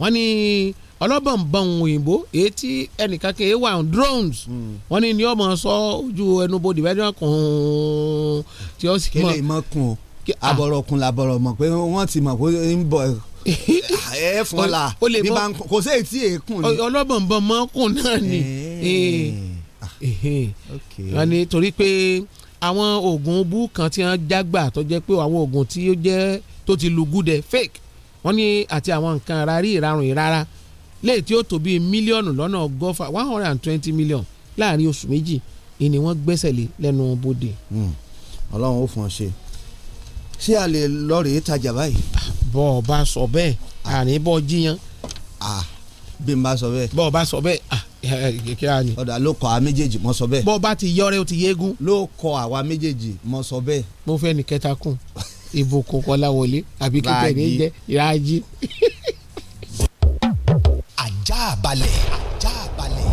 S11: wọ́n ní. Ni ọlọ́bọ̀nbọ̀n òyìnbó èyí tí ẹnìkan kì ewa on drones hmm. wọ́n ní ní ọmọ sọ ojú ẹnubodè bẹ́ẹ̀ ni wọ́n kùn ún
S12: tí ó sì mọ̀. kéde ìmọ̀ kun o abọ̀rọ̀kun ah. làbọ̀rọ̀ mọ̀ pé wọ́n ti mọ̀ pé ń bọ̀
S11: [laughs] ẹ fún la bí bá ń kún kò sí èyí tí èkún ni. ọlọ́bọ̀nbọ̀n mọ́ kùn náà ni eh. Eh. Eh. wọ́n ní torí pé àwọn oògùn bú kan tí wọ́n jágbà tó jẹ́ pé àwọn oògùn tí ó jẹ́ tó ti lùgúdẹ fake wọ́n ní àti àwọn nǹkan ara rí ìrarùn ìrara. Mm léyìí tí ó tó bíi mílíọ̀nù lọ́nà ọgọ́fà one hundred and twenty million láàrin oṣù méjì ìní wọ́n gbẹ́sẹ̀ lé lẹ́nu bodè. Hmm.
S12: ọlọ́run ó fún ọ ṣe ṣé a lè lọ rèé tajà báyìí. bọ́ ọ bá sọ bẹ́ẹ̀ àní bọ́ jiyàn. bí n bá sọ bẹ́ẹ̀. bọ́ ọ bá sọ bẹ́ẹ̀ kí a ní. ọ̀dà ló kọ àwa méjèèjì mọ́ sọ bẹ́ẹ̀. bọ́ ọ bá ti yọrẹ́ o ti yéégún. ló kọ àwa méjèèjì mọ́ sọ bẹ́ẹ̀.
S11: mo fẹ́ ní kẹta kùn ìbùkún kọlá àbí kíkẹ́ ní jẹ́ ìrájí ajá balẹ̀ ajá
S13: balẹ̀.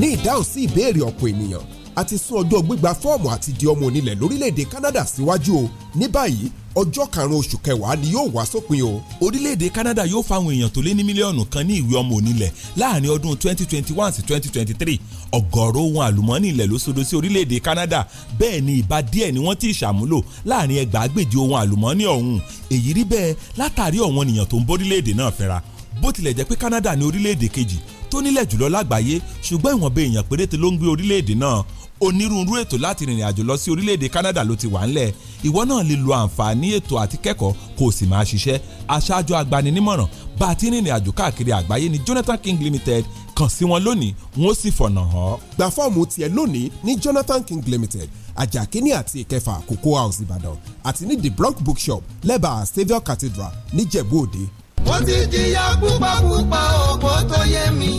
S8: ní ìdáhùn sí ìbéèrè ọ̀pọ̀ ènìyàn àti sún ọjọ́ gbígba fọ́ọ̀mù àti di ọmọ onílẹ̀ lórílẹ̀‐èdè Canada síwájú o ní báyìí ọjọ́ karùn-ún oṣù kẹwàá ni yóò wá sópin o. orílẹ̀-èdè Canada yóò fáwọn èèyàn tó lé ní mílíọ̀nù kan ní ìwé ọmọ onílẹ̀ láàrin ọdún 2021 sí 2023 ọ̀gọ̀ọ̀rọ̀ ohun àlùmọ́ọ́nì ilẹ̀ ló sodo sí orílẹ̀-èdè Canada bẹ́ẹ̀ ni ìbá díẹ̀ ni wọ́n ti ṣàmúlò láàrin ẹgbàágbèje ohun àlùmọ́ọ́nì ọ̀hún èyí rí bẹ́ẹ̀ látàrí ọ̀wọ́n ènìyàn tó ń bórílẹ̀-èdè náà fẹ́ra bó tilẹ̀ jẹ́ pé Canada ni orílẹ̀-èdè kejì tó nílẹ̀ jùlọ lágbàáyé ṣùgbọ́n ìwọ̀nba èèyàn péréte ló ń gbé orílẹ̀-èdè náà onírúurú ètò láti rìnrìn àjò lọ sí orílẹ̀-èdè Canada ló ti wà ńlẹ̀ ìwọ náà lè lo àǹfààní ètò àti kẹ́kọ̀ọ́ kó o sì máa ṣiṣẹ́ aṣáájú agbaninímọ̀ràn bá a ti rìnrìn àjò káàkiri àgbáyé ní Jonathan King Limited kàn sí wọn lónìí wọn ó sì fọ̀nà hàn. gba fọ́ọ̀mù tiẹ̀ lónìí ní Jonathan King Limited ajakini àti ìkẹfà Cocoa House Ìbàdàn àti ní the Bronx Bookshop lẹ́bàá Saviour Cathedral níjẹ̀bú òde. mo ti jìyà púpàpúpà ọ̀pọ̀ tó yé mi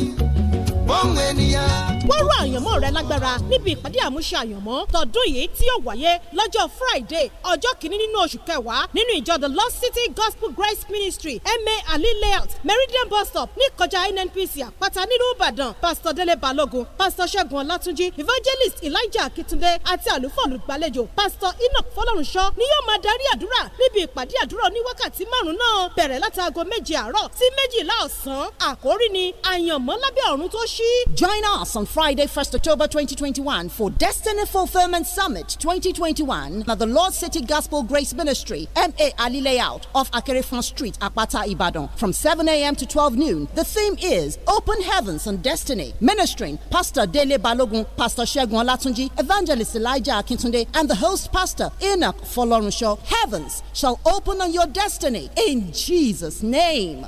S8: fóun ènìyàn. wọ́n
S7: rú àyànmọ́ rẹ lágbára níbi ìpàdé àmúṣe
S8: àyànmọ́ tọdún yìí tí yóò wáyé lọ́jọ́ Friday ọjọ́ kìíní nínú oṣù kẹwàá nínú ìjọ the Lost City Gospel Grace Ministry ma ali layout Meridian bus stop ní kọjá NNPC àpáta nílùú Ìbàdàn pásítọ̀ Délé Balógun pásítọ̀ Ṣẹ́gun Ọlátúnjí evangelist Elijah Akitunde àti àlùfọ́ olùgbàlejò Pastor Enoch Fọlọ́runṣọ́ ni yóò máa darí àdúrà níbi ìpàdé àdúrà oníwákàtí márùn-ún náà bẹ̀rẹ̀ láti aago méje àárọ̀ sí méjìlá ọ̀sán àkórí ni àyànmọ́ lábẹ́ ọ̀run tó She? Join us on Friday, 1st October 2021 for Destiny
S7: Fulfillment Summit 2021 at the Lord City Gospel Grace Ministry, MA Ali
S2: Layout off Akerefon Street, Apata, Ibadan, from 7 a.m. to 12 noon. The theme is Open Heavens and Destiny. Ministering Pastor Dele Balogun, Pastor Shegun Latunji, Evangelist Elijah Akintunde, and the host pastor Enoch Folorunshaw. Heavens shall open
S8: on your destiny in Jesus' name.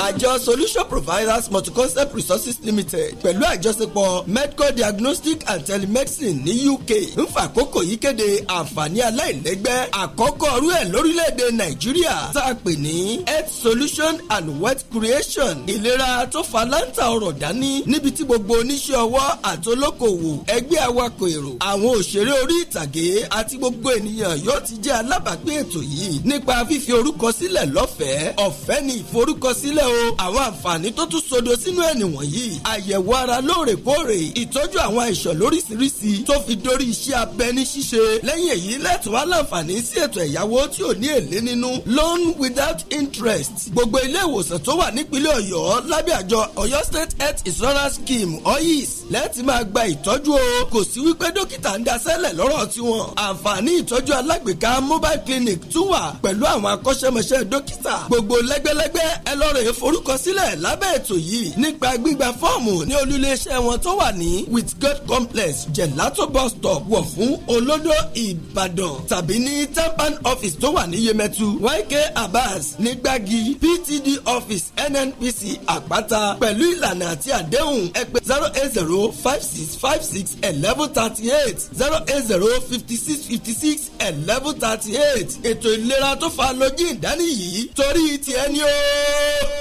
S14: àjọ solution providers multi-concept resources limited pẹ̀lú àjọṣepọ̀ medco diagnostic and telemedicine ní uk ń fàkókò yìí kéde àǹfààní aláìlẹ́gbẹ́ àkọ́kọ́ ọ̀rú ẹ̀ lórílẹ̀‐èdè nàìjíríà tá a pè ní health solution and wealth creation ìlera tó fa láǹtà ọ̀rọ̀ dání níbi tí gbogbo oníṣẹ́ ọwọ́ àti olókoòwò ẹgbẹ́ awakọ̀ èrò àwọn òṣèré orí ìtàgé àti gbogbo ènìyàn yóò ti jẹ́ alábàápín ètò yìí nípa fífi orúkọ sílẹ̀ lọ́fẹ̀ẹ́ ọ̀fẹ́ ni ìforúkọsílẹ̀ síbẹ̀ o àwọn àǹfààní tó tún sodo sínú ẹ̀ nìwọ̀nyí àyẹ̀wò ara lóòrèkóòrè ìtọ́jú àwọn àìsàn lóríṣiríṣi tó fi dórí iṣẹ́ abẹ ní ṣíṣe lẹ́yìn èyí lẹ́tùn wá láǹfààní sí ètò ẹ̀yáwó tí ò ní èlé nínú loan without interest gbogbo ilé ìwòsàn tó wà nípínlẹ̀ ọ̀yọ́ lábẹ́ àjọ ọ̀yọ́ state health insurance scheme oyis lẹ́ẹ̀tì máa gba ìtọ́jú o kò sí wípé dókítà ń daṣẹ́lẹ̀ lọ́rọ̀ tiwọn àǹfààní ìtọ́jú alágbèéká mobile clinic tún wà pẹ̀lú àwọn akọ́ṣẹ́mọṣẹ́ dókítà gbogbo lẹ́gbẹ́lẹ́gbẹ́ ẹ lọ́rọ̀ forúkọsílẹ̀ lábẹ́ ètò yìí nípa gbígba fọ́ọ̀mù ní olúléeṣẹ́ wọn tó wà ní with god complex gelato bus stop wọ̀ fún olódó ìbàdàn tàbí ní tempan office tó wà ní yemẹtu yk abbas ní ptd office nnpc àpáta pẹ̀lú ìlànà àti àdéhùn ẹgbẹ́ zero eight zero five six five six eleven thirty eight zero eight zero fifty six fifty six eleven thirty eight ètò ìlera tó fa lójú ìdání torí ti ẹni o.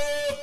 S14: Oh!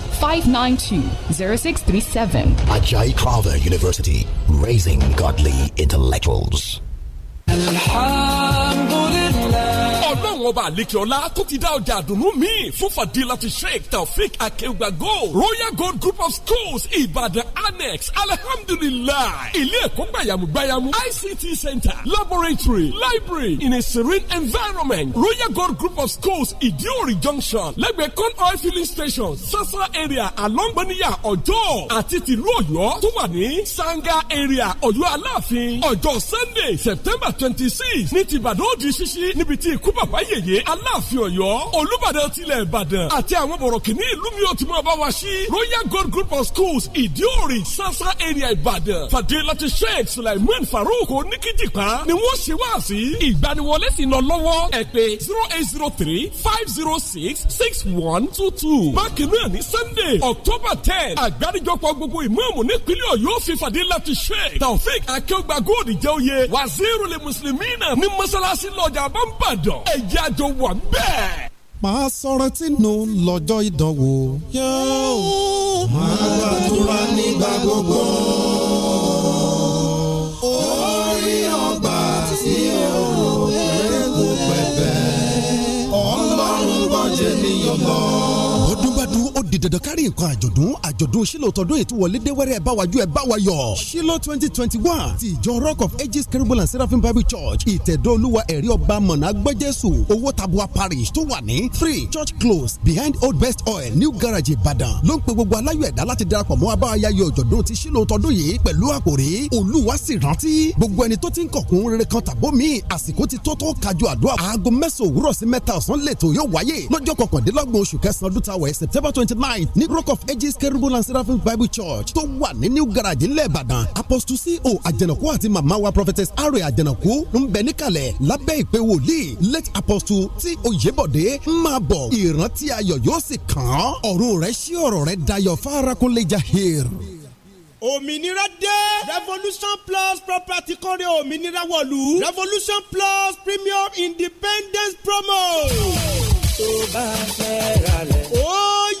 S1: 592-0637.
S9: Ajay Crowther University,
S1: raising godly intellectuals.
S15: ọlọ́run ọba àlekèọ́lá tó ti dá ọjà àdùnnú mi fún fadila ti sheik taofik akeugba gold royal gold group of schools ìbàdàn annex alihamdulilayi ilé ẹ̀kọ́ gbayamu gbayamu ict center laboratory library in a serene environment royal gold group of schools ìdíòrì junction lẹ́gbẹ̀ẹ́ con oil filling station sasa area alongbaniya ọjọ́ àti tìlú ọ̀yọ́ tó wà ní sanga area ọ̀yọ́ aláàfin ọjọ́ sunday september twenty six ní ti ìbàdàn ó di ṣíṣí níbi tí ikú bàbá yèyé aláàfin ọ̀yọ́ olùbàdàn tilẹ̀ ìbàdàn àti àwọn bọ̀rọ̀kìnní ìlú mi ò ti máa bá wa ṣí royal Gold group of schools ìdíòrì sasa area ìbàdàn fàdélàtì sheikh sulaiman farouk oníkìjìpá ni wọ́n ṣe wá sí. ìgbaniwọlé sì lọ lọ́wọ́ ẹ zero eight zero three five zero six six one two two. bákan náà ní sunday october ten àgbáríjọpọ̀ gbogbo ìmọ̀ọ́mù nípínlẹ̀ ọ̀yọ́ fi fàdélàtì sheikh taofik akéwàgbà góòdì jẹ́ òye waziri mùsùlùmí náà ní mọ́sálásí lọ́jà bá ń bàdàn ẹ̀jẹ̀ àjọ wà bẹ́ẹ̀.
S8: màá sọ̀rọ̀ tìǹù lọ́jọ́ ìdánwò.
S15: yóò máa gbàdúrà nígbà gbogbo.
S10: orí ọgbà tí ó rò pé kò pẹ̀pẹ̀ ọlọ́run gbọ́jẹ̀ níyàn lọ
S8: ó di dandan kárí nǹkan àjọ̀dún àjọ̀dún sílò tọdún ètò wọlé dé wẹ́rẹ́ sílò twenty twenty one ti ìjọ rock of ages kerubal and seraphim bible church ìtẹ̀dọ́ olúwa ẹ̀rí ọba mọ̀nà gbọ́jẹ́sù owó tabua parish tó wà ní three church close behind old best oil new garage ìbàdàn ló ń pe gbogbo aláyọ̀ ẹ̀dá láti darapọ̀ mọ́ abáyayọ̀ ọ̀jọ̀dún ti sílò tọdún yìí pẹ̀lú àkòrí olúwa sì rántí gbogbo ẹni tó ti ń kọ̀kún rere kan tàbó mi àsìkò ti tó tó kájú àdúrà aago mẹ́sàn-án òwúrọ̀ sí mẹ́ta ọ̀sán lẹ́tọ̀ yóò wáyé lọ́jọ́ kọkàndínlọ́gbọ̀n oṣù kẹsàn-án ọdún tàwẹ̀ september twenty twenty nine ní rock of ages kerubim and seraphim bible church tó wà ní new garage ńlẹ̀ ìbàdàn apostle co àjẹnàkú àti mama wa prophetess are àjẹnàkú ń bẹ níkàlẹ̀ lábẹ́ ìpè wòlíì late apostle tí oyèbọ̀dé ń máa bọ̀ ìrántí ayọ̀ yóò sì kàn án ọ̀run rẹ̀ sí ọ̀rọ̀ rẹ̀ dayọ̀ fárakunlé jahir òmìnira dé. revolution plus property kọ́rẹ́ òmìnira wọ̀lú. revolution plus premium independence promo. tó bá fẹ́ ra lẹ̀. ó yẹ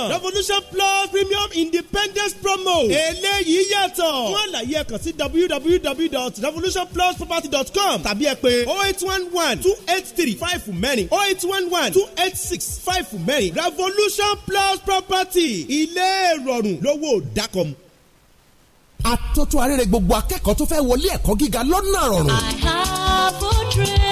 S8: revolution plus premium independence promo. eléyìí yàtọ̀. fún àlàyé ẹ kàn sí www.revolutionplusproperty.com tàbí ẹ pè oh eight one one two eight three five fún mẹ́rin oh eight one one two eight six five fún mẹ́rin revolution plus property ilé ìrọ̀rùn lówó dákọ̀mù àtọ́tún arére gbogbo akẹ́kọ̀ọ́ tó fẹ́ wọlé ẹ̀kọ́ gíga lọ́nà rọrùn. I
S7: have a dream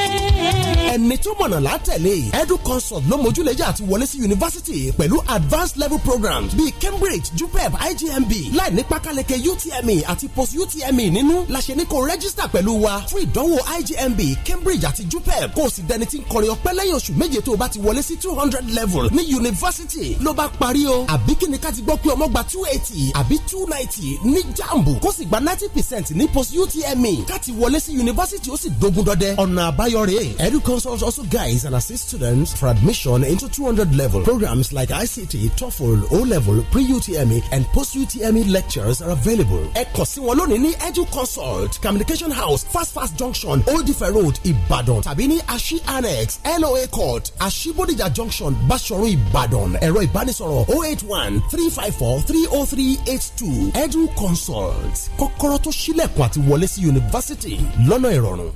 S7: ẹni
S8: tó mọ̀nà látẹ̀lé edu consult ló mójúlẹ̀jà àti wọlé sí yunifásitì pẹ̀lú advanced level programs bíi cambridge jupeb igmb láì ní pákáleke utme àti post utme nínú la ṣe ní kó rẹ́gísítà pẹ̀lú wa fún ìdánwò igmb cambridge àti jupeb kó o sì dẹni tí ń kọrin ọpẹ́ lẹ́yìn oṣù méje tó o bá ti wọlé sí two hundred level ní yunifásitì ló bá parí o àbí kí ni ká ti gbọ́ pé ọmọ gba two eighty àbí two ninety ní jambu kó sì gba ninety percent ní post utme ká ti wọlé sí yunifásitì ó sì dogun dọdẹ ọ̀nà àbáyọ rèé edu sponsors also guides and assists students for admission into 200 level. Programs like ICT, TOEFL, O level, pre UTME, and post UTME lectures are available. Ẹ kàn ni Edu Consult, Communication House, Fast Fast Junction, Old Ife Road, Ibadan. Tabini Ashi Annex, LOA Court, Ashibodija Junction, Basoro, Ibadan. Ẹ̀rọ ìbánisọ̀rọ̀ 081 354 30382. Edu Consult. Kokoroto tó ṣílẹ̀kùn àti wọlé sí yunifásítì lọ́nà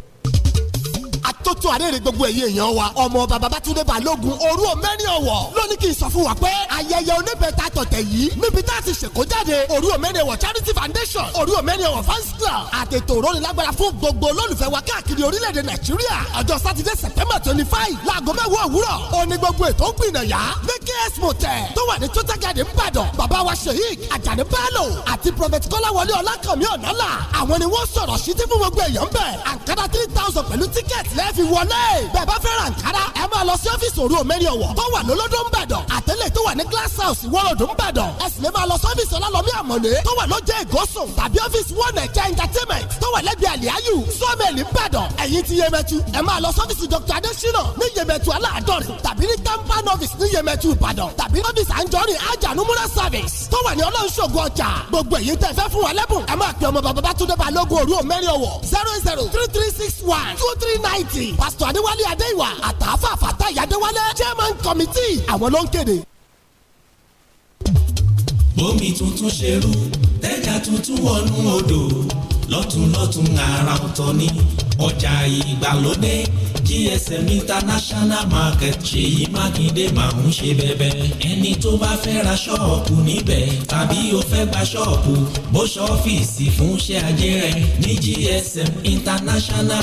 S8: tó tún àrèrè gbogbo ẹ̀yẹ èèyàn wa ọmọ bàbá bátúndé balógun òru òmẹ́rin ọ̀wọ̀ lónìí kì í sọ fún wa pé ayẹyẹ oníbẹ̀ta tọ̀tẹ̀ yìí níbi tá a ti ṣèkójáde òru òmẹ́rin ọ̀wọ̀ charity foundation òru òmẹ́rin ọ̀wọ̀ fans club àtètò òrónilágbára fún gbogbo olólùfẹ́ wa káàkiri orílẹ̀-èdè nàìjíríà ọjọ́ sátidé september twenty five láago mẹ́wàá òwúrọ̀ òní gbogbo ètò ń gbìyànjá vks motel tó wà ní total garden nìbàdàn bàbá wa sheik ajani bello àti prophet kọ́láwọlé ọlákànmí ọ̀nàlà àwọn ni wọ́n sọ̀rọ̀ sí tí fún gbogbo èèyàn bẹ́ẹ̀ àǹkárá three thousand pẹ̀lú tíkẹ́ẹ̀tì lẹ́ fi wọlé. bẹ́ẹ̀ bá fẹ́ ra Ankara ẹ máa lọ sí ọ́fíìsì òru òmẹ́rin ọ̀wọ̀ tó wà lólódó ń bàdàn àtẹ̀lé tó wà ní glass house ìwọ́rọ̀dún ń bàdàn ẹ sì lè máa lọ sí ọ́fíìsì ọlálọ́mí àmọ̀lé tó wà lọ́jẹ́ ìgọ́sùn tàbí ọ́fíìsì one ẹ̀jẹ̀ entertainment tó wà lẹ́gbẹ̀ẹ́ àlìyáyù sọ́ọ̀mẹ̀lì ń bàdàn ẹ̀yìn ti yẹmẹtu ẹ máa lọ sọ́fíìsì Dr. Adesina ní yẹmẹtu aláàdọ́rin tàbí ní tampan office ní yẹmẹtu Ìbàdàn tàbí ọ́fíìsì àǹjọ́rin ajanumura service tó wà ní ọlọ́nṣogun ọjà gbogbo èyí tẹ́ fẹ́ fún wa lẹ́bùn ẹ máa pè ọmọ bàbá bá tún dé balógun òru òmẹ́rin ọ̀wọ̀ zero zero three three six one two three ninety ministry pastor adéwálé adéwà àtàfà fàtàyà adéwálé chairman committee àwọn ló ń kéde. bómi tuntun ṣe rú tẹ́jà tuntun wọnú
S10: odò lọ́tùnlọ́tùn àrà ọ̀tọ̀ ni ọjà ìgbàlódé gsm
S14: international market ṣèyí mákindé máa ń ṣe bẹ̀bẹ̀ ẹni tó bá fẹ́ ra ṣọ́ọ̀pù níbẹ̀ tàbí o fẹ́ gba ṣọ́ọ̀pù bó ṣọ́ọ̀fìsì fún iṣẹ́ ajé rẹ ní gsm international.